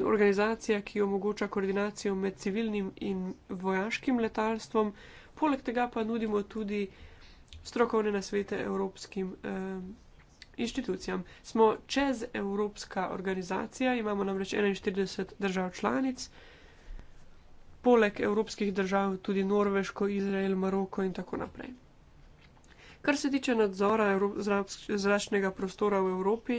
organizacija, ki omogoča koordinacijo med civilnim in vojaškim letalstvom, poleg tega pa nudimo tudi strokovne nasvete evropskim. Eh, Inštitucijam. Smo čez Evropska organizacija, imamo namreč 41 držav članic, poleg evropskih držav tudi Norveško, Izrael, Maroko in tako naprej. Kar se tiče nadzora zračnega prostora v Evropi,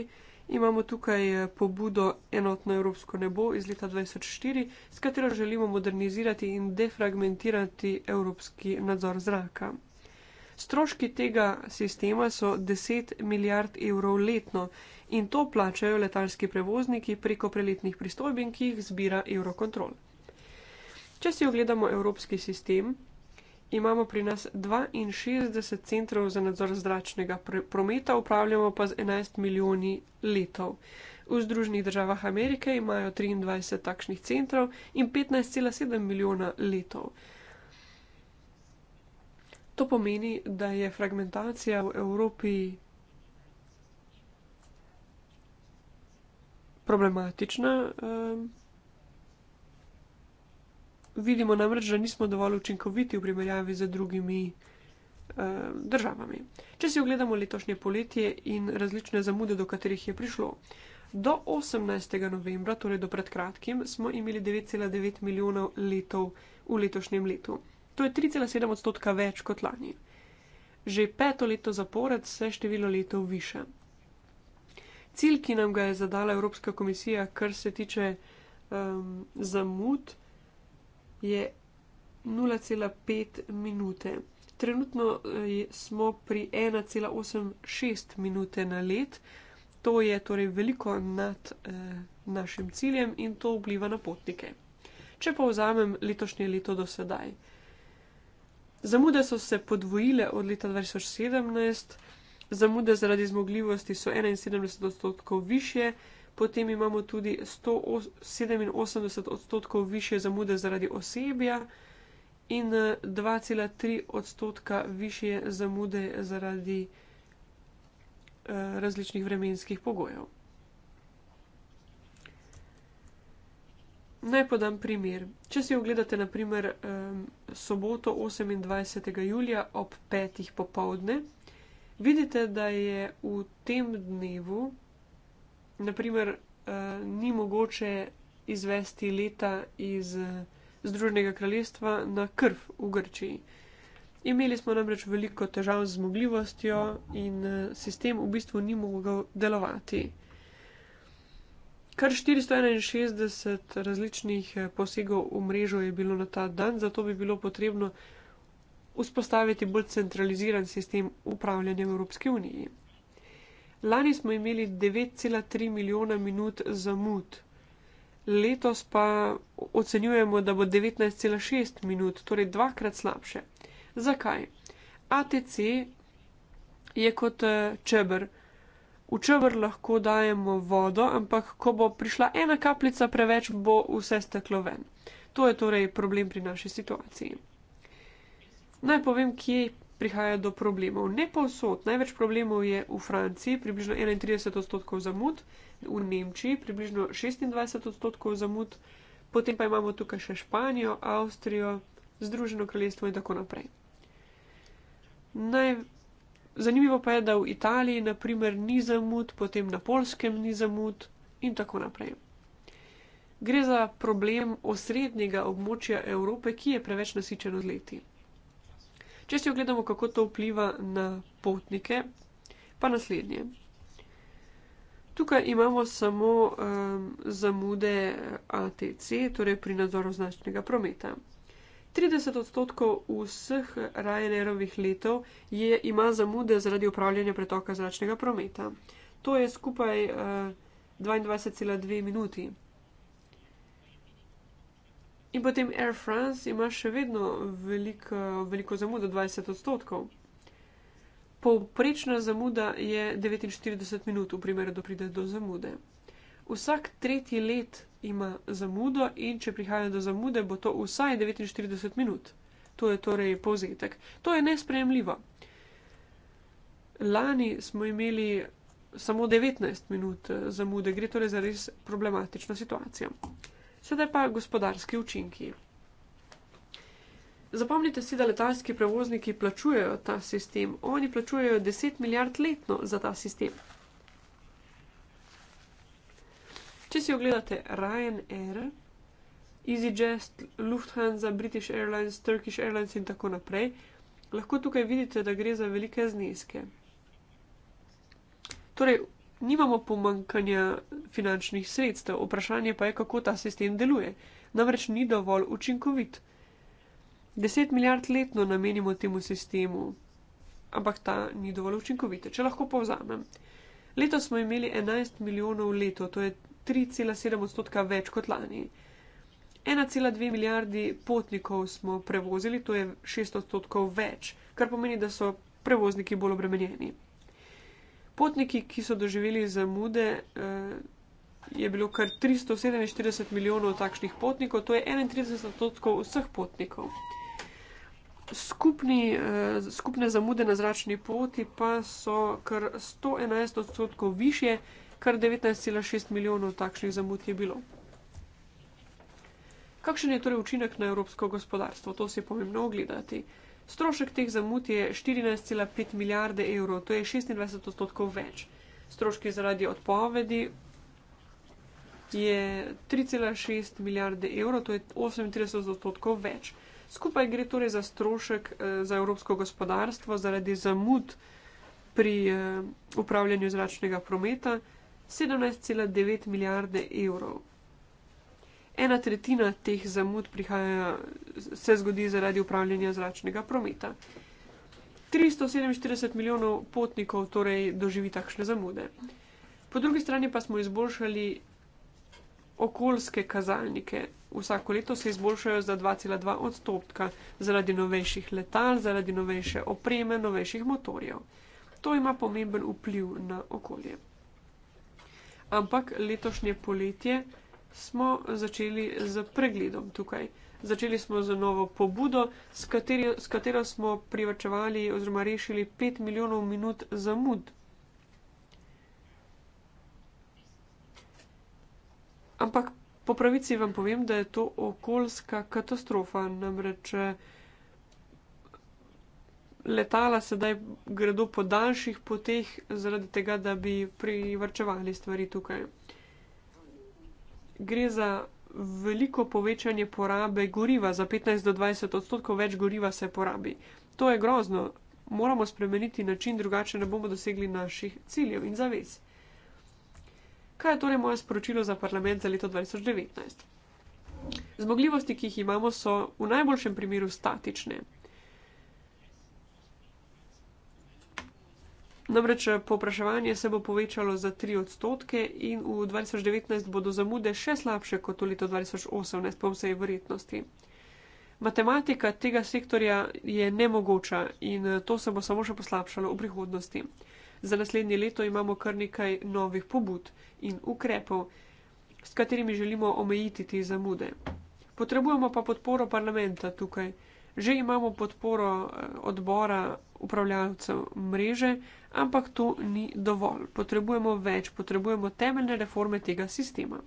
imamo tukaj eh, pobudo Enotno evropsko nebo iz leta 2004, s katero želimo modernizirati in defragmentirati evropski nadzor zraka. Stroški tega sistema so 10 milijard evrov letno in to plačajo letalski prevozniki preko preletnih pristojbin, ki jih zbira Eurocontrol. Če si ogledamo evropski sistem, imamo pri nas 62 centrov za nadzor zračnega prometa, upravljamo pa z 11 milijoni letov. V Združenih državah Amerike imajo 23 takšnih centrov in 15,7 milijona letov. To pomeni, da je fragmentacija v Evropi problematična. Um, Vidimo namreč, da nismo dovolj učinkoviti v primerjavi z drugimi eh, državami. Če si ogledamo letošnje poletje in različne zamude, do katerih je prišlo. Do 18. novembra, torej do predkratkim, smo imeli 9,9 milijonov letov v letošnjem letu. To je 3,7 odstotka več kot lani. Že peto leto zapored se število letov više. Cilj, ki nam ga je zadala Evropska komisija, kar se tiče um, zamud, je 0,5 minute. Trenutno eh, smo pri 1,86 minute na let, to je torej veliko nad eh, našim ciljem in to vpliva na potnike. Če pa vzamem letošnje leto do sedaj. Zamude so se podvojile od leta 2017, zamude zaradi zmogljivosti so 71 odstotkov više, potem imamo tudi 187 odstotkov više zamude zaradi osebja in 2,3 eh, odstotka više zamude zaradi eh, različnih vremenskih pogojev. Naj podam primer. Če si ogledate na primer soboto 28. julija ob petih popovdne, vidite, da je v tem dnevu naprimer, uh, eh, ni mogoče izvesti leta iz uh, Združenega kraljestva na krv v Grčiji. Imeli smo namreč veliko težav z zmogljivostjo in uh, sistem v bistvu ni mogel delovati. Kar 461 različnih posegov v mrežo je bilo na ta dan, zato bi bilo potrebno vzpostaviti bolj centraliziran sistem upravljanja v Evropski uniji. Lani smo imeli 9,3 milijona minut zamud, letos pa ocenjujemo, da bo 19,6 minut, torej dvakrat slabše. Zakaj? ATC je kot eh, čebr. V čebr lahko dajemo vodo, ampak ko bo prišla ena kapljica preveč, bo vse steklo ven. To je torej problem pri naši situaciji. Naj povem, kje prihaja do problemov. Ne povsod, največ problemov je v Franciji, približno 31 odstotkov zamud, v Nemčiji približno 26 odstotkov zamud, potem pa imamo tukaj še Španijo, Avstrijo, Združeno kraljestvo in tako naprej. Naj... Zanimivo pa je, da v Italiji naprimer ni zamud, potem na Polskem ni zamud in tako naprej. Gre za problem osrednjega območja Evrope, ki je preveč nasičeno z leti. Če si ogledamo, kako to vpliva na potnike, pa naslednje. Tukaj imamo samo um, zamude ATC, torej pri nadzoru značnega prometa. 30 odstotkov vseh Ryanairovih letov je, ima zamude zaradi upravljanja pretoka zračnega prometa. To je skupaj uh, eh, 22,2 minuti. In potem Air France ima še vedno veliko, eh, veliko zamudo, 20 odstotkov. Povprečna zamuda je 49 minut, v primeru, da pride do zamude. Vsak tretji let ima zamudo in če prihaja do zamude, bo to vsaj 49 minut. To je torej povzetek. To je nespremljivo. Lani smo imeli samo 19 minut eh, zamude, gre torej za res problematično situacijo. Sedaj pa gospodarski učinki. Zapomnite si, da letalski prevozniki plačujejo ta sistem. Oni plačujejo 10 milijard letno za ta sistem. Če si ogledate Ryanair, EasyJet, Lufthansa, British Airlines, Turkish Airlines in tako naprej, lahko tukaj vidite, da gre za velike zneske. Torej, nimamo pomankanja finančnih sredstev, vprašanje pa je, kako ta sistem deluje. Namreč ni dovolj učinkovit. 10 milijard letno namenimo temu sistemu, ampak ta ni dovolj učinkovit. Če lahko povzamem, letos smo imeli 11 milijonov leto, to je 3,7 odstotka več kot lani. 1,2 milijardi potnikov smo prevozili, to je 6 odstotkov več, kar pomeni, da so prevozniki bolj obremenjeni. Potniki, ki so doživeli zamude, eh, je bilo kar 347 milijonov takšnih potnikov, to je 31 odstotkov vseh potnikov. Skupni, eh, skupne zamude na zračni poti pa so kar 111 odstotkov više, kar 19,6 milijonov takšnih zamud je bilo. Kakšen je torej učinek na evropsko gospodarstvo? To se je pomembno ogledati. Strošek teh zamud je 14,5 milijarde evrov, to je 26 odstotkov več. Stroški zaradi odpovedi je 3,6 milijarde evrov, to je 38 odstotkov več. Skupaj gre torej za strošek eh, za evropsko gospodarstvo zaradi zamud pri eh, upravljanju zračnega prometa 17,9 milijarde evrov ena tretjina teh zamud se zgodi zaradi upravljanja zračnega prometa. 347 milijonov potnikov torej doživi takšne zamude. Po drugi strani pa smo izboljšali okoljske kazalnike. Vsako leto se izboljšajo za 2,2 odstotka zaradi novejših letal, zaradi novejše opreme, novejših motorjev. To ima pomemben vpliv na okolje. Ampak letošnje poletje smo začeli z pregledom tukaj. Začeli smo z novo pobudo, s katero, s katero smo privrčevali oziroma rešili 5 milijonov minut zamud. Ampak po pravici vam povem, da je to okoljska katastrofa. Namreč eh, letala sedaj gredo po daljših poteh, zaradi tega, da bi privrčevali stvari tukaj gre za veliko povečanje porabe goriva, za 15 do 20 odstotkov več goriva se porabi. To je grozno. Moramo spremeniti način, drugače ne bomo dosegli naših ciljev in zavez. Kaj je torej moje sporočilo za parlament za leto 2019? Zmogljivosti, ki jih imamo, so v najboljšem primeru statične, Namreč eh, popraševanje se bo povečalo za 3 odstotke in v 2019 bodo zamude še slabše kot v letu 2018, po vsej verjetnosti. Matematika tega sektorja je nemogoča in eh, to se bo samo še poslabšalo v prihodnosti. Za naslednje leto imamo kar nekaj novih pobud in ukrepov, s katerimi želimo omejiti te zamude. Potrebujemo pa podporo parlamenta tukaj. Že imamo podporo eh, odbora upravljalcev mreže, ampak to ni dovolj. Potrebujemo več, potrebujemo temeljne reforme tega sistema.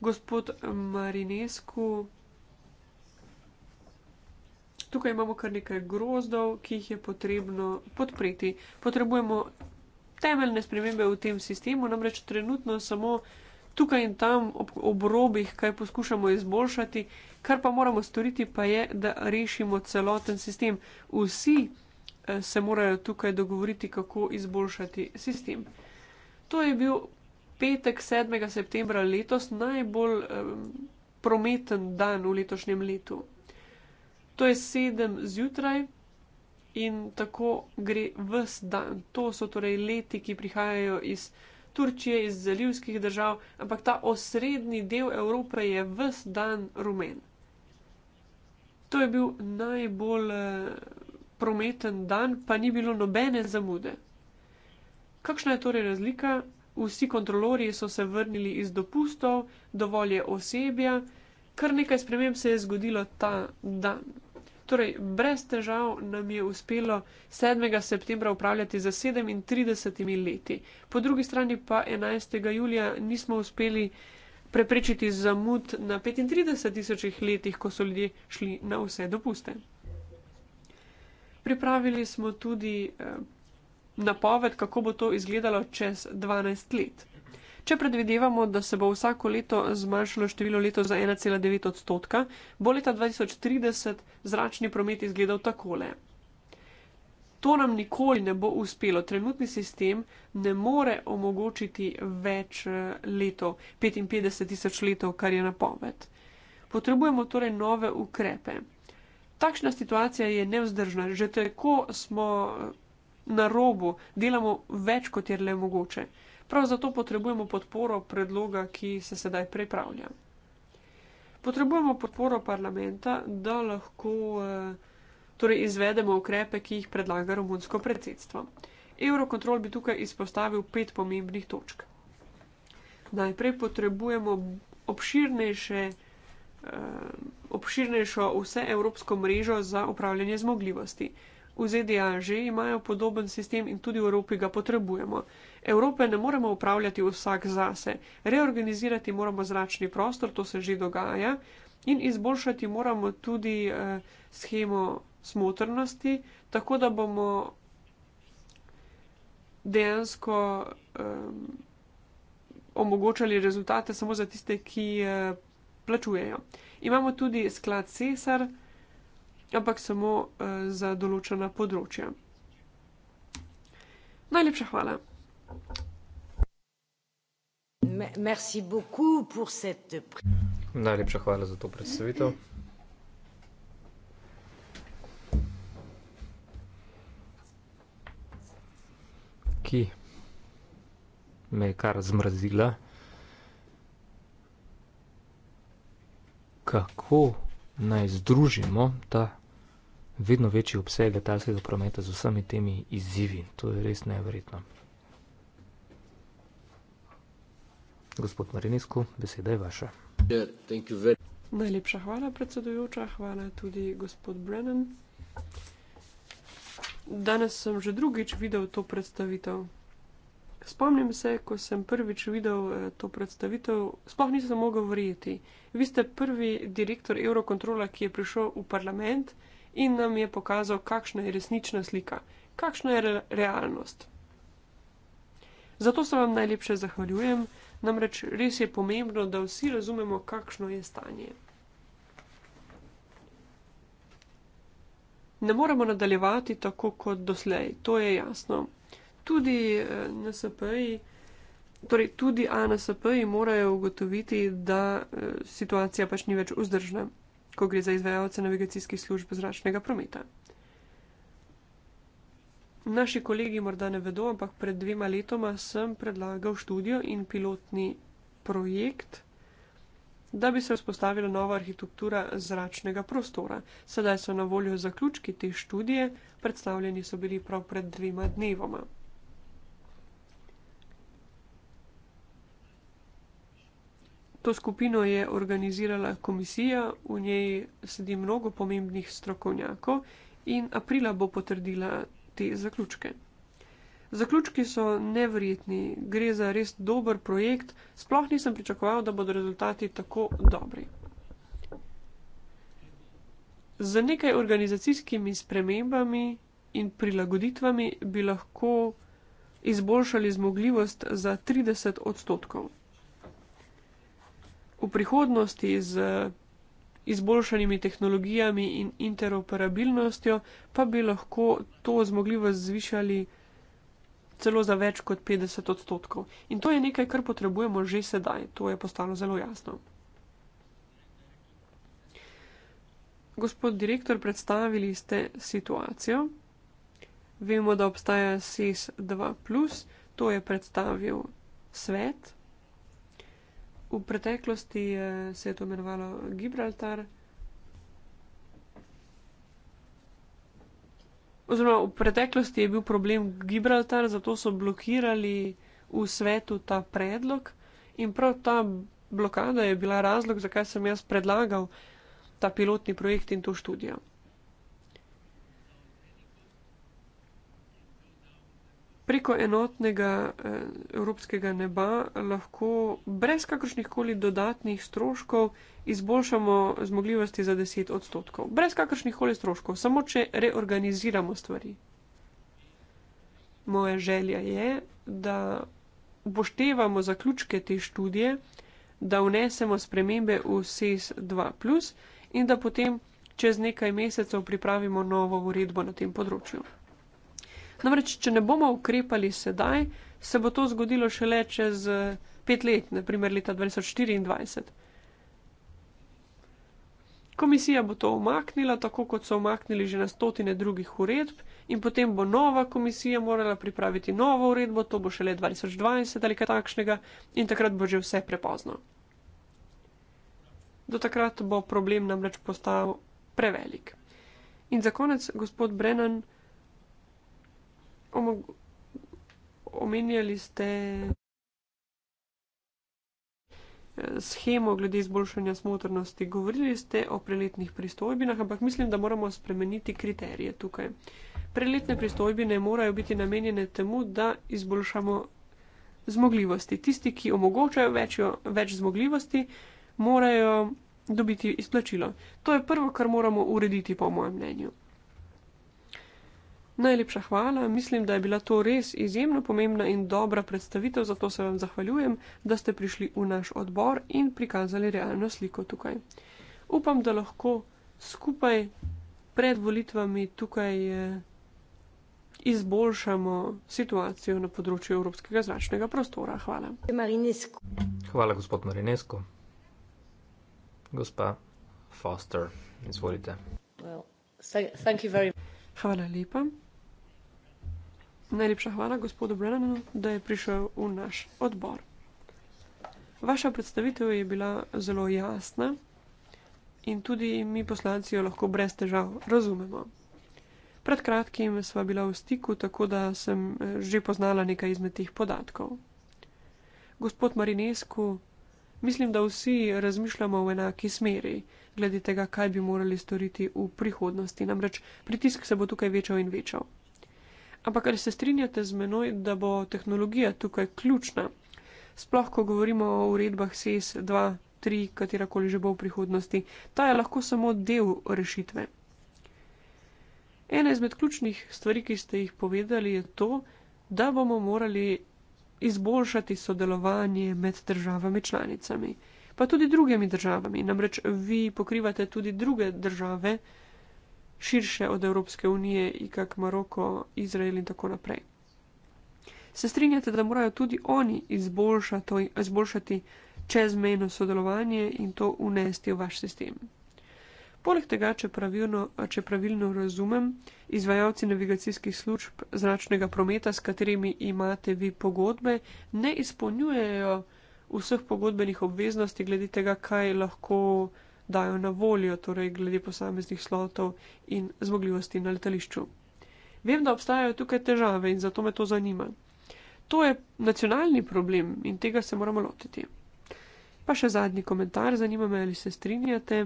Gospod Marinesku, tukaj imamo kar nekaj grozdov, ki jih je potrebno podpreti. Potrebujemo temeljne spremembe v tem sistemu, namreč trenutno samo tukaj in tam ob, ob robih, kaj poskušamo izboljšati, kar pa moramo storiti, pa je, da rešimo celoten sistem. Vsi Eh, se morajo tukaj dogovoriti, kako izboljšati sistem. To je bil petek 7. septembra letos najbolj um, prometen dan v letošnjem letu. To je sedem zjutraj in tako gre vse dan. To so torej leti, ki prihajajo iz Turčije, iz zalivskih držav, ampak ta osrednji del Evrope je vse dan rumen. To je bil najbolj. Uh, prometen dan, pa ni bilo nobene zamude. Kakšna je torej razlika? Vsi kontrolori so se vrnili iz dopustov, dovolj je osebja, kar nekaj sprememb se je zgodilo ta dan. Torej, brez težav nam je uspelo 7. septembra upravljati za 37 leti, po drugi strani pa 11. julija nismo uspeli preprečiti zamud na 35 tisočih letih, ko so ljudje šli na vse dopuste. Pripravili smo tudi eh, napoved, kako bo to izgledalo čez 12 let. Če predvidevamo, da se bo vsako leto zmanjšalo število letov za 1,9 odstotka, bo leta 2030 zračni promet izgledal takole. To nam nikoli ne bo uspelo. Trenutni sistem ne more omogočiti več eh, letov, 55 tisoč letov, kar je napoved. Potrebujemo torej nove ukrepe. Takšna situacija je nevzdržna, že tako smo eh, na robu, delamo več, kot je le mogoče. Prav zato potrebujemo podporo predloga, ki se sedaj pripravlja. Potrebujemo podporo parlamenta, da lahko eh, torej izvedemo ukrepe, ki jih predlaga romunsko predsedstvo. Eurokontrol bi tukaj izpostavil pet pomembnih točk. Najprej potrebujemo obširnejše. Eh, obširnejšo vseevropsko mrežo za upravljanje zmogljivosti. V ZDA že imajo podoben sistem in tudi v Evropi ga potrebujemo. Evrope ne moremo upravljati vsak zase. Reorganizirati moramo zračni prostor, to se že dogaja, in izboljšati moramo tudi eh, schemo smotrnosti, tako da bomo dejansko eh, omogočali rezultate samo za tiste, ki eh, plačujejo. Imamo tudi sklad cesar, ampak samo uh, za določena področja. Najlepša hvala. Merci beaucoup pour cette... Najlepša hvala za to predstavitev. Ki me je kar zmrzila. kako naj združimo ta vedno večji obseg letalskega prometa z vsemi temi izzivi. To je res neverjetno. Gospod Marinescu, beseda je vaša. Najlepša hvala, predsedujoča. Hvala tudi gospod Brennan. Danes sem že drugič videl to predstavitev. Spomnim se, ko sem prvič videl eh, to predstavitev, sploh nisem mogel verjeti. Vi ste prvi direktor Eurocontrola, ki je prišel v parlament in nam je pokazal, kakšna je resnična slika, kakšna je re realnost. Zato se vam najlepše zahvaljujem, namreč res je pomembno, da vsi razumemo, kakšno je stanje. Ne moremo nadaljevati tako kot doslej, to je jasno tudi eh, NSP-ji, torej tudi ANSP-ji morajo ugotoviti, da eh, situacija pač ni več vzdržna, ko gre za izvajalce navigacijskih služb zračnega prometa. Naši kolegi morda ne vedo, ampak pred dvema letoma sem predlagal študijo in pilotni projekt, da bi se vzpostavila nova arhitektura zračnega prostora. Sedaj so na voljo zaključki te študije, predstavljeni so bili prav pred dvema dnevoma. To skupino je organizirala komisija, v njej sedi mnogo pomembnih strokovnjakov in aprila bo potrdila te zaključke. Zaključki so neverjetni, gre za res dober projekt, sploh nisem pričakoval, da bodo rezultati tako dobri. Z nekaj organizacijskimi spremembami in prilagoditvami bi lahko izboljšali zmogljivost za 30 odstotkov v prihodnosti z izboljšanimi tehnologijami in interoperabilnostjo, pa bi lahko to zmogljivost zvišali celo za več kot 50 odstotkov. In to je nekaj, kar potrebujemo že sedaj, to je postalo zelo jasno. Gospod direktor, predstavili ste situacijo. Vemo, da obstaja SES 2, e to je predstavil svet, V preteklosti je, eh, se je to imenovalo Gibraltar. Oziroma, v preteklosti je bil problem Gibraltar, zato so blokirali v svetu ta predlog in prav ta blokada je bila razlog, zakaj sem jaz predlagal ta pilotni projekt in to študijo. preko enotnega eh, evropskega neba lahko brez kakršnih koli dodatnih stroškov izboljšamo zmogljivosti za 10 odstotkov. Brez kakršnih koli stroškov, samo če reorganiziramo stvari. Moja želja je, da upoštevamo zaključke te študije, da vnesemo spremembe v SES 2, in da potem čez nekaj mesecev pripravimo novo uredbo na tem področju. Namreč, če ne bomo ukrepali sedaj, se bo to zgodilo šele čez eh, pet let, naprimer leta 2024. Komisija bo to omaknila, tako kot so omaknili že na stotine drugih uredb, in potem bo nova komisija morala pripraviti novo uredbo, to bo šele 2020 ali kaj takšnega, in takrat bo že vse prepozno. Do takrat bo problem namreč postal prevelik. In za konec, gospod Brennan omenjali ste eh, schemo glede izboljšanja smotrnosti, govorili ste o preletnih pristojbinah, ampak mislim, da moramo spremeniti kriterije tukaj. Preletne pristojbine morajo biti namenjene temu, da izboljšamo zmogljivosti. Tisti, ki omogočajo večjo, več zmogljivosti, morajo dobiti izplačilo. To je prvo, kar moramo urediti, po mojem mnenju. Najlepša hvala. Mislim, da je bila to res izjemno pomembna in dobra predstavitev, zato se vam zahvaljujem, da ste prišli v naš odbor in prikazali realno sliko tukaj. Upam, da lahko skupaj pred volitvami tukaj eh, izboljšamo situacijo na področju evropskega zračnega prostora. Hvala. Marinesko. Hvala, gospod Marinesko. Gospa Foster, izvolite. Well, thank you very much. Hvala lepa. Najlepša hvala gospodu Brennanu, da je prišel v naš odbor. Vaša predstavitev je bila zelo jasna in tudi mi poslanci jo lahko brez težav razumemo. Pred kratkim sva bila v stiku, tako da sem eh, že poznala nekaj izmed tih podatkov. Gospod Marinesku, mislim, da vsi razmišljamo v enaki smeri, glede tega, kaj bi morali storiti v prihodnosti, namreč pritisk se bo tukaj večal in večal. Ampak ali se strinjate z menoj, da bo tehnologija tukaj ključna? Sploh, ko govorimo o uredbah SES 2, 3, katerakoli že bo v prihodnosti, ta je lahko samo del rešitve. Ena izmed ključnih stvari, ki ste jih povedali, je to, da bomo morali izboljšati sodelovanje med državami članicami, pa tudi drugimi državami. Namreč vi pokrivate tudi druge države, širše od Evropske unije, IKAK, Maroko, Izrael in tako naprej. Se strinjate, da morajo tudi oni izboljšati, izboljšati čezmejno sodelovanje in to unesti v vaš sistem. Poleg tega, če pravilno, če pravilno razumem, izvajalci navigacijskih služb zračnega prometa, s katerimi imate vi pogodbe, ne izpolnjujejo vseh pogodbenih obveznosti glede tega, kaj lahko dajo na voljo, torej glede posameznih slotov in zmogljivosti na letališču. Vem, da obstajajo tukaj težave in zato me to zanima. To je nacionalni problem in tega se moramo lotiti. Pa še zadnji komentar, zanima me, ali se strinjate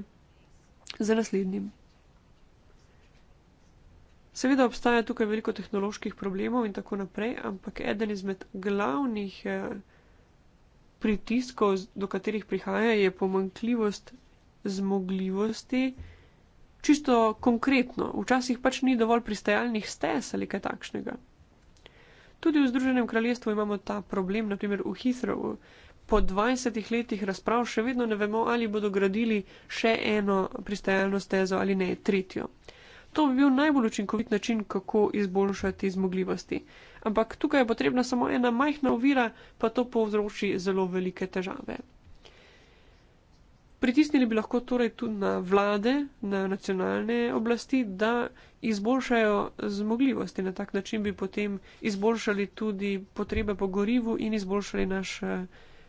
z naslednjim. Seveda obstaja tukaj veliko tehnoloških problemov in tako naprej, ampak eden izmed glavnih eh, pritiskov, do katerih prihaja, je pomankljivost zmogljivosti. Čisto konkretno, včasih pač ni dovolj pristajalnih stes ali kaj takšnega. Tudi v Združenem kraljestvu imamo ta problem, naprimer v Heathrowu. Po 20 letih razprav še vedno ne vemo, ali bodo gradili še eno pristajalno stezo ali ne tretjo. To bi bil najbolj učinkovit način, kako izboljšati zmogljivosti. Ampak tukaj je potrebna samo ena majhna ovira, pa to povzroči zelo velike težave. Pritisnili bi lahko torej tudi na vlade, na nacionalne oblasti, da izboljšajo zmogljivosti. Na tak način bi potem izboljšali tudi potrebe po gorivu in izboljšali naš eh,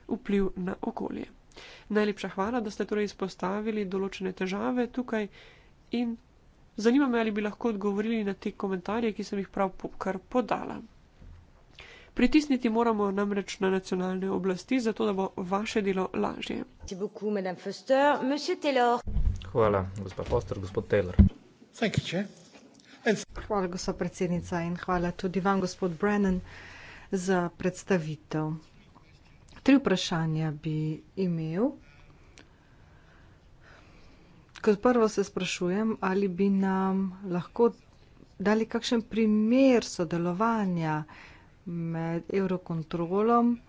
vpliv na okolje. Najlepša hvala, da ste torej izpostavili določene težave tukaj in zanima me, ali bi lahko odgovorili na te komentarje, ki sem jih prav kar podala. Pritisniti moramo namreč na nacionalne oblasti, zato da bo vaše delo lažje. Hvala, gospa Foster, gospod Taylor. Hvala, gospa predsednica in hvala tudi vam, gospod Brennan, za predstavitev. Tri vprašanja bi imel. Kot prvo se sprašujem, ali bi nam lahko dali kakšen primer sodelovanja med Eurocontrolom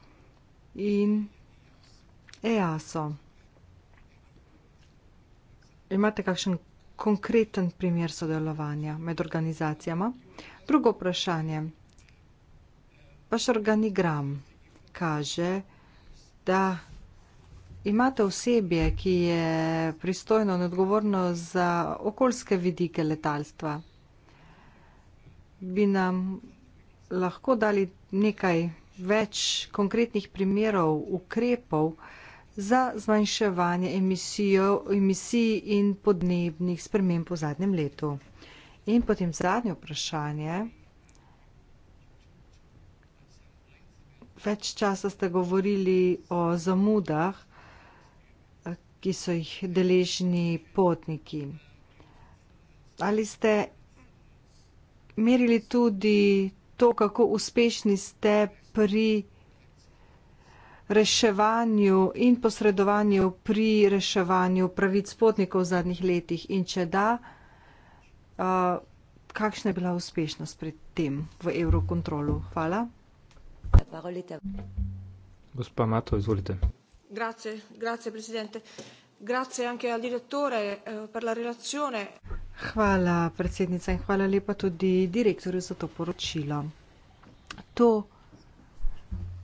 in EASO. Imate kakšen konkreten primer sodelovanja med organizacijama? Drugo vprašanje. Vaš organigram kaže, da imate osebje, ki je pristojno in odgovorno za okoljske vidike letalstva. Bi nam lahko dali nekaj več konkretnih primerov ukrepov za zmanjševanje emisij in podnebnih sprememb v zadnjem letu? In potem zadnje vprašanje. Več časa ste govorili o zamudah, ki so jih deležni potniki. Ali ste merili tudi to, kako uspešni ste pri reševanju in posredovanju pri reševanju pravic potnikov v zadnjih letih in če da, eh, kakšna je bila uspešnost pri tem v Eurocontrolu? Hvala. Gospa Mato, izvolite. Grazie, grazie, presidente. Grazie anche al direttore eh, per la relazione. Hvala, predsednica, in hvala lepa tudi direktorju za to poročilo. To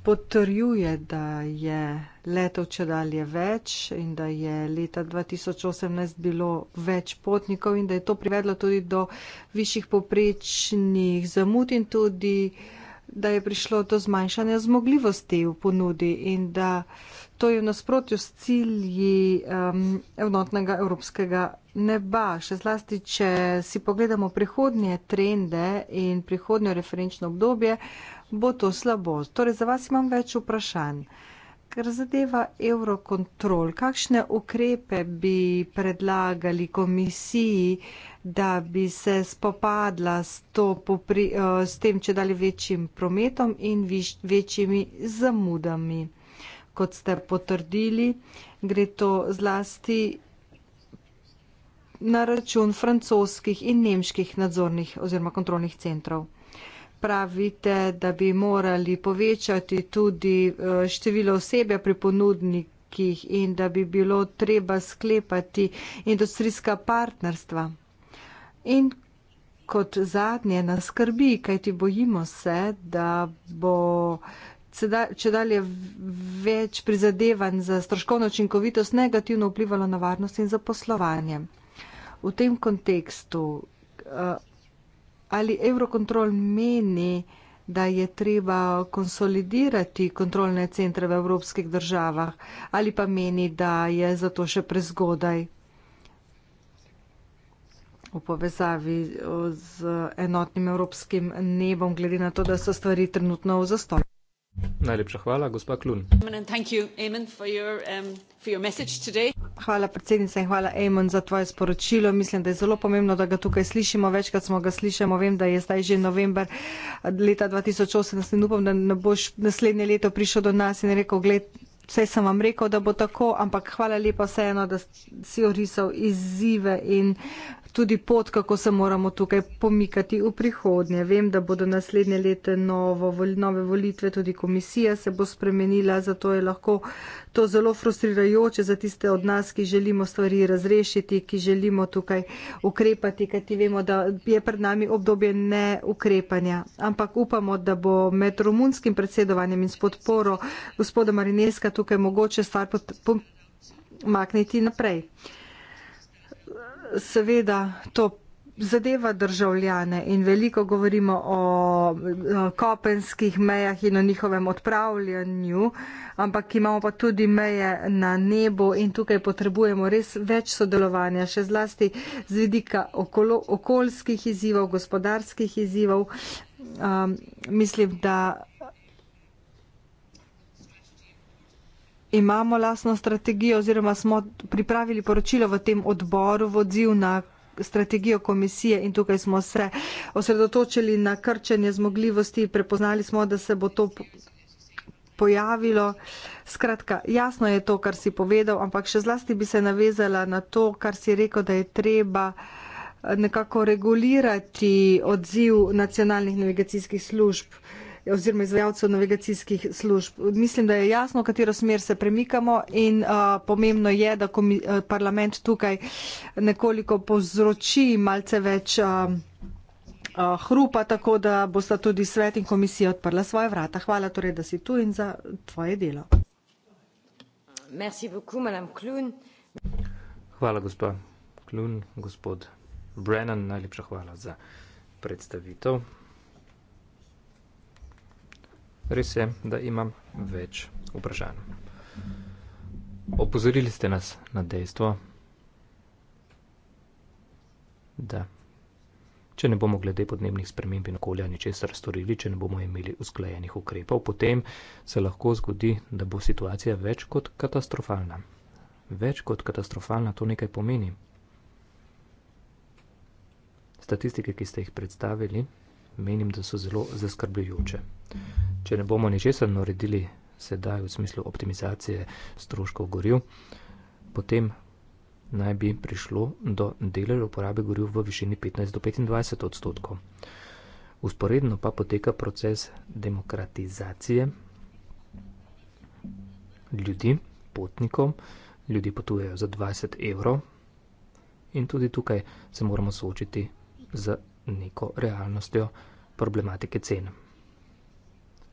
potrjuje, da je letov če dalje več in da je leta 2018 bilo več potnikov in da je to privedlo tudi do višjih poprečnih zamud in tudi, da je prišlo do zmanjšanja zmogljivosti v ponudi in da To je v nasprotju s cilji um, enotnega evropskega neba. Še zlasti, če si pogledamo prihodnje trende in prihodnjo referenčno obdobje, bo to slabo. Torej, za vas imam več vprašanj. Kar zadeva eurokontrol, kakšne ukrepe bi predlagali komisiji, da bi se spopadla s, to, popri, eh, s tem, če dali večjim prometom in večjimi zamudami? kot ste potrdili, gre to zlasti na račun francoskih in nemških nadzornih oziroma kontrolnih centrov. Pravite, da bi morali povečati tudi eh, število osebja pri ponudnikih in da bi bilo treba sklepati industrijska partnerstva. In kot zadnje nas skrbi, kajti bojimo se, da bo uh, če dalje več prizadevanj za stroškovno učinkovitost negativno vplivalo na varnost in zaposlovanje. V tem kontekstu, eh, ali Eurocontrol meni, da je treba konsolidirati kontrolne centre v evropskih državah ali pa meni, da je zato še prezgodaj v povezavi eh, z enotnim evropskim nebom, glede na to, da so stvari trenutno v zastolju. Najlepša hvala, gospa Klun. Um, hvala, predsednica, in hvala, Amon, za tvoje sporočilo. Mislim, da je zelo pomembno, da ga tukaj slišimo. Večkrat smo ga slišali, vem, da je zdaj že novembr leta 2018 in upam, da ne boš naslednje leto prišel do nas in rekel, gled. Vse sem vam rekel, da bo tako, ampak hvala lepa vseeno, da si orisal izzive in tudi pot, kako se moramo tukaj pomikati v prihodnje. Vem, da bodo naslednje lete novo, nove volitve, tudi komisija se bo spremenila, zato je lahko to zelo frustrirajoče za tiste od nas, ki želimo stvari razrešiti, ki želimo tukaj ukrepati, kajti vemo, da je pred nami obdobje neukrepanja. Ampak upamo, da bo med romunskim predsedovanjem in s podporo gospoda Marineska tukaj mogoče stvar pomakniti naprej seveda to zadeva državljane in veliko govorimo o kopenskih mejah in o njihovem odpravljanju, ampak imamo pa tudi meje na nebu in tukaj potrebujemo res več sodelovanja, še zlasti z vidika okolo, okoljskih izzivov, gospodarskih izzivov. Um, mislim, da imamo lasno strategijo oziroma smo pripravili poročilo v tem odboru v odziv na strategijo komisije in tukaj smo se osredotočili na krčenje zmogljivosti, prepoznali smo, da se bo to pojavilo. Skratka, jasno je to, kar si povedal, ampak še zlasti bi se navezala na to, kar si rekel, da je treba eh, nekako regulirati odziv nacionalnih navigacijskih služb oziroma izvajalcev navigacijskih služb. Mislim, da je jasno, v katero smer se premikamo in uh, pomembno je, da komi, uh, parlament tukaj nekoliko povzroči malce več uh, uh, hrupa, tako da bosta tudi svet in komisija odprla svoje vrata. Hvala torej, da si tu in za tvoje delo. Hvala, gospa Klun, gospod Brennan, najlepša hvala za predstavitev. Res je, da imam več vprašanj. Opozorili ste nas na dejstvo, da če ne bomo glede podnebnih sprememb in okolja ničesar storili, če ne bomo imeli usklajenih ukrepov, potem se lahko zgodi, da bo situacija več kot katastrofalna. Več kot katastrofalna to nekaj pomeni. Statistike, ki ste jih predstavili, menim, da so zelo zaskrbljujoče. Če ne bomo ničesar naredili sedaj v smislu optimizacije stroškov goril, potem naj bi prišlo do deleža uporabe goril v višini 15 do 25 odstotkov. Usporedno pa poteka proces demokratizacije ljudi, potnikov, ljudi potujejo za 20 evrov in tudi tukaj se moramo soočiti z neko realnostjo problematike cen.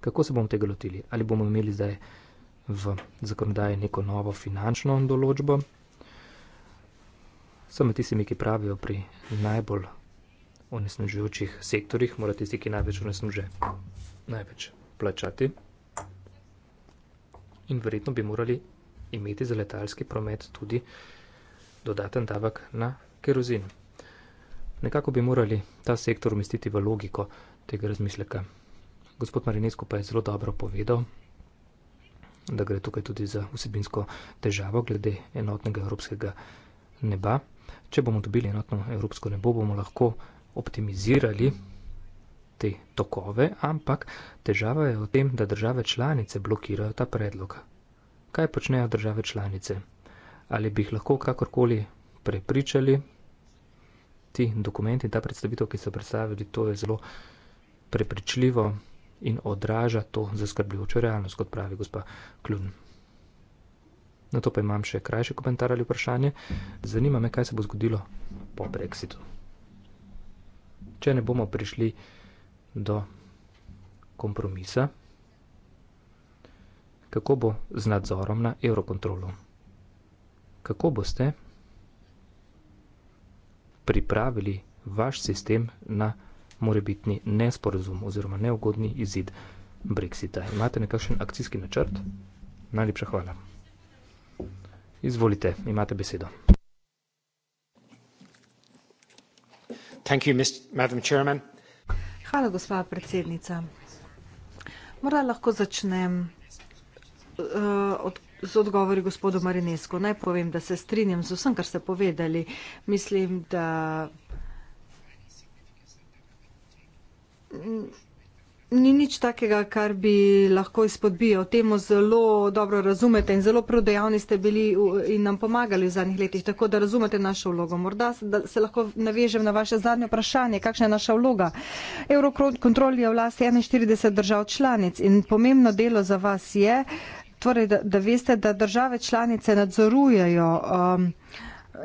Kako se bomo tega lotili? Ali bomo imeli zdaj v zakonodaji neko novo finančno določbo? Samo tisti, ki pravijo pri najbolj onesnažujočih sektorjih, mora tisti, ki največ onesnaže, največ plačati. In verjetno bi morali imeti za letalski promet tudi dodaten davek na kerozin. Nekako bi morali ta sektor umestiti v logiko tega razmisleka. Gospod Marinesko pa je zelo dobro povedal, da gre tukaj tudi za vsebinsko težavo glede enotnega evropskega neba. Če bomo dobili enotno evropsko nebo, bomo lahko optimizirali te tokove, ampak težava je v tem, da države članice blokirajo ta predlog. Kaj počnejo države članice? Ali bi jih lahko kakorkoli prepričali, ti dokumenti, ta predstavitev, ki so predstavili, to je zelo prepričljivo in odraža to zaskrbljujočo realnost, kot pravi gospa Kljun. Na to pa imam še krajši komentar ali vprašanje. Zanima me, kaj se bo zgodilo po Brexitu. Če ne bomo prišli do kompromisa, kako bo z nadzorom na eurokontrolu? Kako boste pripravili vaš sistem na morebitni nesporazum oziroma neugodni izid Brexita. Imate nekakšen akcijski načrt? Najlepša hvala. Izvolite, imate besedo. Thank you, Mr. Hvala, gospa predsednica. Morda lahko začnem uh, od z odgovori gospodu Marinesku. Naj povem, da se strinjam z vsem, kar ste povedali. Mislim, da. Ni nič takega, kar bi lahko izpodbijal. Temu zelo dobro razumete in zelo prodejavni ste bili in nam pomagali v zadnjih letih, tako da razumete našo vlogo. Morda se lahko navežem na vaše zadnje vprašanje, kakšna je naša vloga. Eurokontrol je vlast 41 držav članic in pomembno delo za vas je, uh, torej, da, da veste, da države članice nadzorujejo um,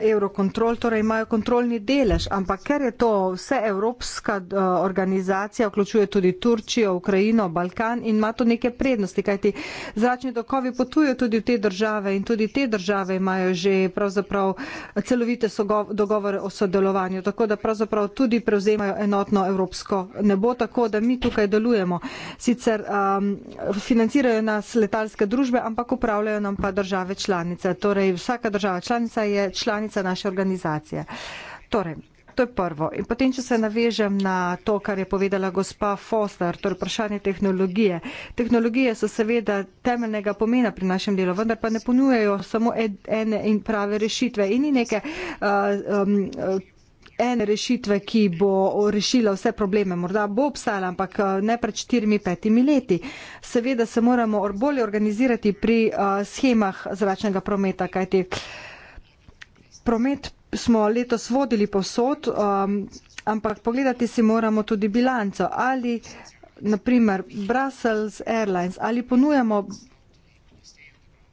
Eurocontrol, torej imajo kontrolni delež, ampak ker je to vse evropska eh, organizacija, vključuje tudi Turčijo, Ukrajino, Balkan in ima to neke prednosti, kajti zračni dokovi potujejo tudi v te države in tudi te države imajo že pravzaprav celovite dogovore o sodelovanju, tako da pravzaprav tudi prevzemajo enotno evropsko nebo, tako da mi tukaj delujemo. Sicer um, financirajo nas letalske družbe, ampak upravljajo nam pa države članice. Torej, vsaka država članica je članica članica naše organizacije. Torej, to je prvo. In potem, če se navežem na to, kar je povedala gospa Foster, torej vprašanje tehnologije. Tehnologije so seveda temeljnega pomena pri našem delu, vendar pa ne ponujejo samo ene in prave rešitve. In ni neke. Uh, um, ene rešitve, ki bo rešila vse probleme. Morda bo obstala, ampak ne pred 4-5 leti. Seveda se moramo bolje organizirati pri uh, schemah zračnega prometa, kajti uh, promet smo letos vodili povsod, um, ampak pogledati si moramo tudi bilanco. Ali, naprimer, Brussels Airlines, ali ponujamo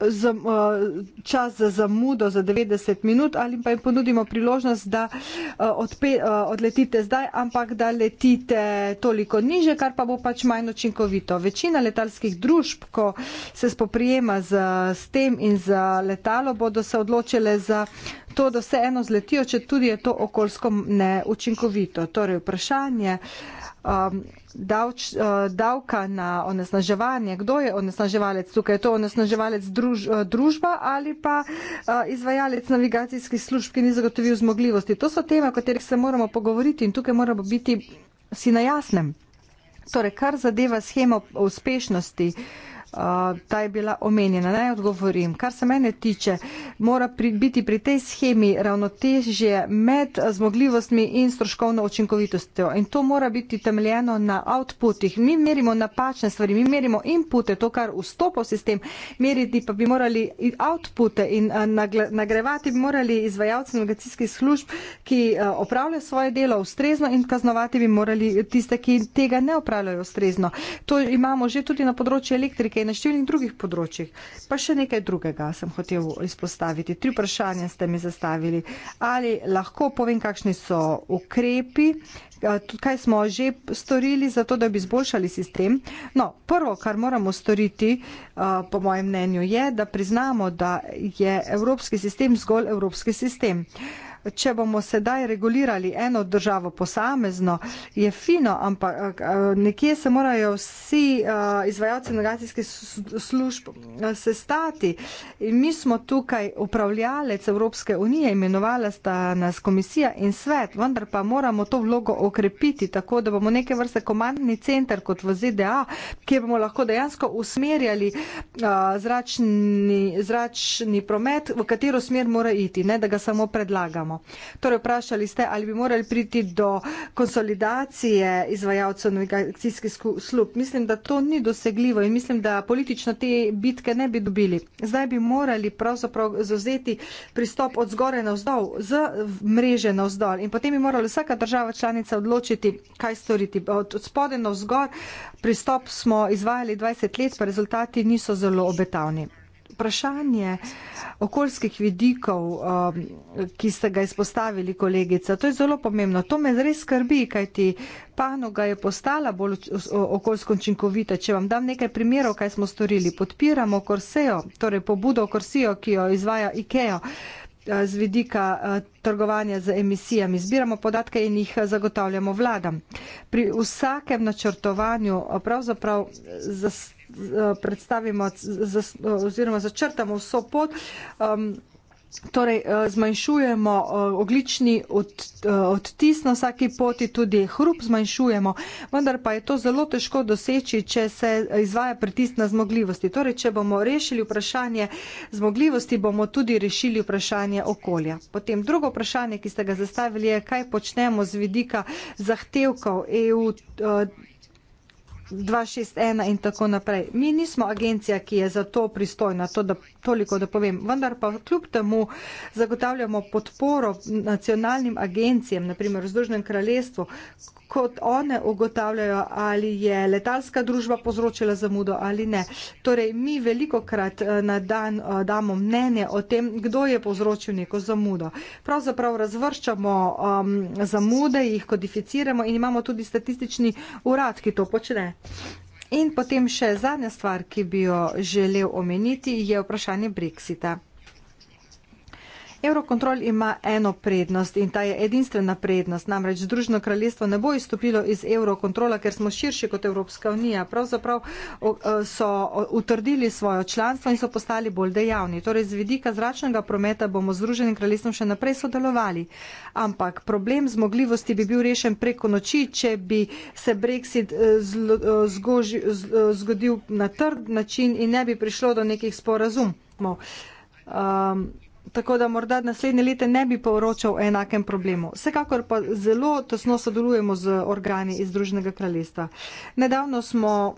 za, uh, eh, čas za zamudo za 90 minut ali pa jim ponudimo priložnost, da uh, odpe, uh, odletite zdaj, ampak da letite toliko niže, kar pa bo pač manj očinkovito. Večina letalskih družb, ko se spoprijema z, s tem in za letalo, bodo se odločile za to, da se eno zletijo, če tudi je to okoljsko neučinkovito. Torej, vprašanje. Um, davč, eh, davka na onesnaževanje, kdo je onesnaževalec tukaj, je to onesnaževalec druž, eh, družba ali pa eh, izvajalec navigacijskih služb, ki ni zagotovil zmogljivosti. To so teme, o katerih se moramo pogovoriti in tukaj moramo biti si na jasnem. Torej, kar zadeva schemo uspešnosti. Uh, ta je bila omenjena. Naj odgovorim. Kar se mene tiče, mora pri, biti pri tej schemi ravnotežje med zmogljivostmi in stroškovno učinkovitostjo. In to mora biti temeljeno na outputih. Mi merimo napačne stvari, mi merimo inpute, to, kar vstopa v sistem, meriti pa bi morali outpute in nagle, nagrevati bi morali izvajalce navigacijskih služb, ki opravljajo svoje delo ustrezno in kaznovati bi morali tiste, ki tega ne opravljajo ustrezno. To imamo že tudi na področju elektrike tudi na številnih drugih področjih. Pa še nekaj drugega sem hotel izpostaviti. Tri vprašanja ste mi zastavili. Ali lahko povem, kakšni so ukrepi, eh, kaj smo že storili za to, da bi izboljšali sistem. No, prvo, kar moramo storiti, eh, po mojem mnenju, je, da priznamo, da je evropski sistem zgolj evropski sistem če bomo sedaj regulirali eno državo posamezno, je fino, ampak eh, nekje se morajo vsi eh, izvajalci navigacijskih služb eh, sestati. In mi smo tukaj upravljalec Evropske unije, imenovala sta nas komisija in svet, vendar pa moramo to vlogo okrepiti tako, da bomo neke vrste komandni center kot v ZDA, kjer bomo lahko dejansko usmerjali zračni, zračni promet, v katero smer mora iti, ne da ga samo predlagamo imamo. Torej, vprašali ste, ali bi morali priti do konsolidacije izvajalcev navigacijskih slup. Mislim, da to ni dosegljivo in mislim, da politično te bitke ne bi dobili. Zdaj bi morali pravzaprav zauzeti pristop od zgore na vzdolj, z mreže na vzdolj in potem bi morala vsaka država članica odločiti, kaj storiti. Od, od spode na vzgor pristop smo izvajali 20 let, pa rezultati niso zelo obetavni vprašanje okoljskih vidikov, um, ki ste ga izpostavili, kolegica. To je zelo pomembno. To me res skrbi, kajti panoga je postala bolj okoljsko učinkovita. Če vam dam nekaj primerov, kaj smo storili. Podpiramo Korsejo, torej pobudo Korsijo, ki jo izvaja IKEA uh, z vidika uh, trgovanja z emisijami. Zbiramo podatke in jih uh, zagotavljamo vladam. Pri vsakem načrtovanju pravzaprav zastavljamo Eh, predstavimo oziroma začrtamo vso pot. Um, Torej, eh, zmanjšujemo eh, oglični odtis na vsaki poti, tudi hrup zmanjšujemo, vendar pa je to zelo težko doseči, če se izvaja pritisk na zmogljivosti. Torej, če bomo rešili vprašanje zmogljivosti, bomo tudi rešili vprašanje okolja. Potem drugo vprašanje, ki ste ga zastavili, je, kaj počnemo z vidika zahtevkov EU. 261 in tako naprej. Mi nismo agencija, ki je za to pristojna, to da, toliko da povem. Vendar pa kljub temu zagotavljamo podporo nacionalnim agencijam, naprimer v Združenem kraljestvu, kot one ugotavljajo, ali je letalska družba povzročila zamudo ali ne. Torej, mi veliko krat eh, na dan eh, damo mnenje o tem, kdo je povzročil neko zamudo. Pravzaprav razvrščamo um, zamude, jih kodificiramo in imamo tudi statistični urad, ki to počne. In potem še zadnja stvar, ki bi jo želel omeniti, je vprašanje Brexita. Eurocontrol ima eno prednost in ta je edinstvena prednost. Namreč Združeno kraljestvo ne bo izstopilo iz Eurocontrola, ker smo širši kot Evropska unija. Pravzaprav so utrdili svojo članstvo in so postali bolj dejavni. Torej, z vidika zračnega prometa bomo z Združenim kraljestvom še naprej sodelovali. Ampak problem zmogljivosti bi bil rešen preko noči, če bi se Brexit e, e, zgoži, e, zgodil na trd način in ne bi prišlo do nekih sporazumov. Um, tako da morda naslednje lete ne bi poročal o enakem problemu. Vsekakor pa zelo tesno sodelujemo z organi iz Združenega kraljestva. Nedavno smo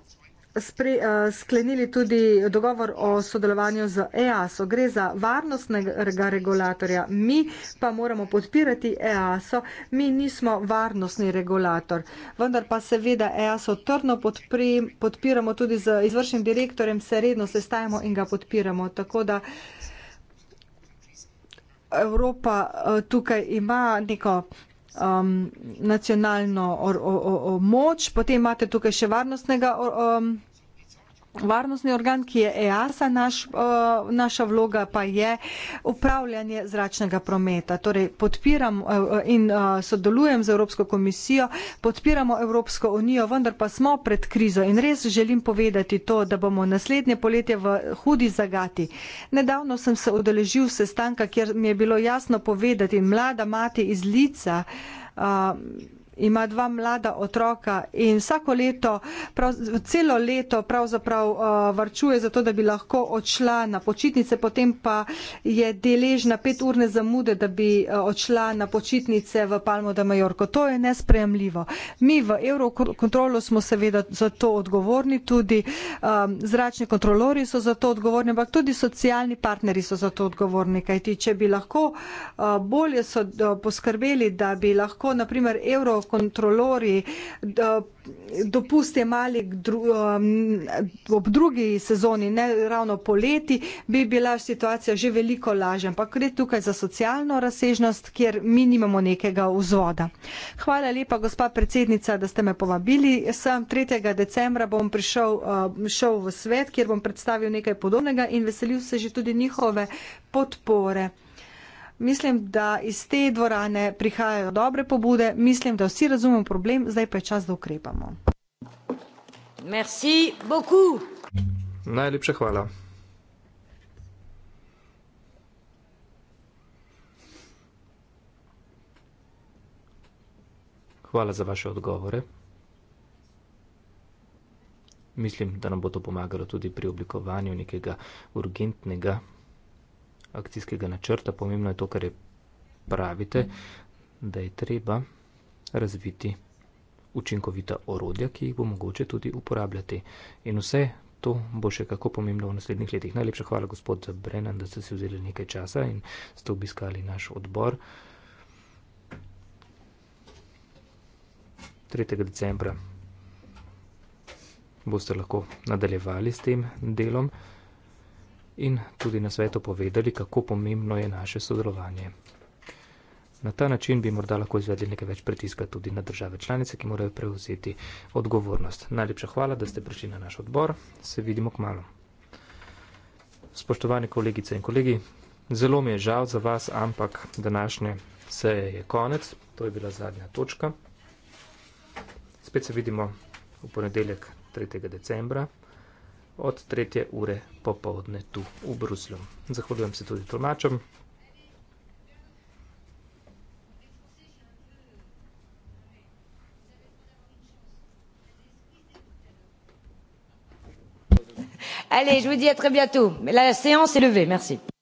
spre, uh, sklenili tudi dogovor o sodelovanju z EASO. Gre za varnostnega regulatorja. Mi pa moramo podpirati EASO. Mi nismo varnostni regulator. Vendar pa seveda EASO trdno podpri, podpiramo tudi z izvršnim direktorjem, se redno sestajamo in ga podpiramo. Tako da. Uh, Evropa eh, tukaj ima neko um, nacionalno or, or, or, or, moč, potem imate tukaj še varnostnega. Or, or, um, varnostni organ, ki je EASA, naš, uh, naša vloga pa je upravljanje zračnega prometa. Torej, podpiram uh, in uh, sodelujem z Evropsko komisijo, podpiramo Evropsko unijo, vendar pa smo pred krizo in res želim povedati to, da bomo naslednje poletje v hudi zagati. Nedavno sem se odeležil sestanka, kjer mi je bilo jasno povedati, mlada mati iz lica. Uh, ima dva mlada otroka in vsako leto, prav, celo leto pravzaprav uh, varčuje za to, da bi lahko odšla na počitnice, potem pa je deležna pet urne zamude, da bi uh, odšla na počitnice v Palmo de Majorko. To je nespremljivo. Mi v Eurokontrolu smo seveda za to odgovorni, tudi um, zračni kontrolori so za to odgovorni, ampak tudi socialni partneri so za to odgovorni, kajti če bi lahko uh, bolje so, uh, poskrbeli, da bi lahko naprimer Euro kontrolori, dopust je mali um, ob drugi sezoni, ne ravno poleti, bi bila situacija že veliko lažja. Ampak gre tukaj za socialno razsežnost, kjer mi nimamo nekega vzvoda. Hvala lepa, gospa predsednica, da ste me povabili. Sam 3. decembra bom prišel um, šel v svet, kjer bom predstavil nekaj podobnega in veselil se že tudi njihove podpore. Mislim, da iz te dvorane prihajajo dobre pobude, mislim, da vsi razumemo problem, zdaj pa je čas, da ukrepamo. Merci beaucoup. Najlepša hvala. Hvala za vaše odgovore. Mislim, da nam bo to pomagalo tudi pri oblikovanju nekega urgentnega akcijskega načrta, pomembno je to, kar je pravite, da je treba razviti učinkovita orodja, ki jih bo mogoče tudi uporabljati. In vse to bo še kako pomembno v naslednjih letih. Najlepša hvala, gospod Brennan, da ste si vzeli nekaj časa in ste obiskali naš odbor. 3. decembra boste lahko nadaljevali s tem delom in tudi na svetu povedali, kako pomembno je naše sodelovanje. Na ta način bi morda lahko izvedli nekaj več pritiska tudi na države članice, ki morajo prevzeti odgovornost. Najlepša hvala, da ste prišli na naš odbor. Se vidimo k malu. Spoštovani kolegice in kolegi, zelo mi je žal za vas, ampak današnje seje je konec. To je bila zadnja točka. Spet se vidimo v ponedeljek 3. decembra od 3. ure popovdne tu v Bruslju. Zahvaljujem se tudi tolmačem. Allez, je vous dis à très bientôt. La séance est levée. Merci.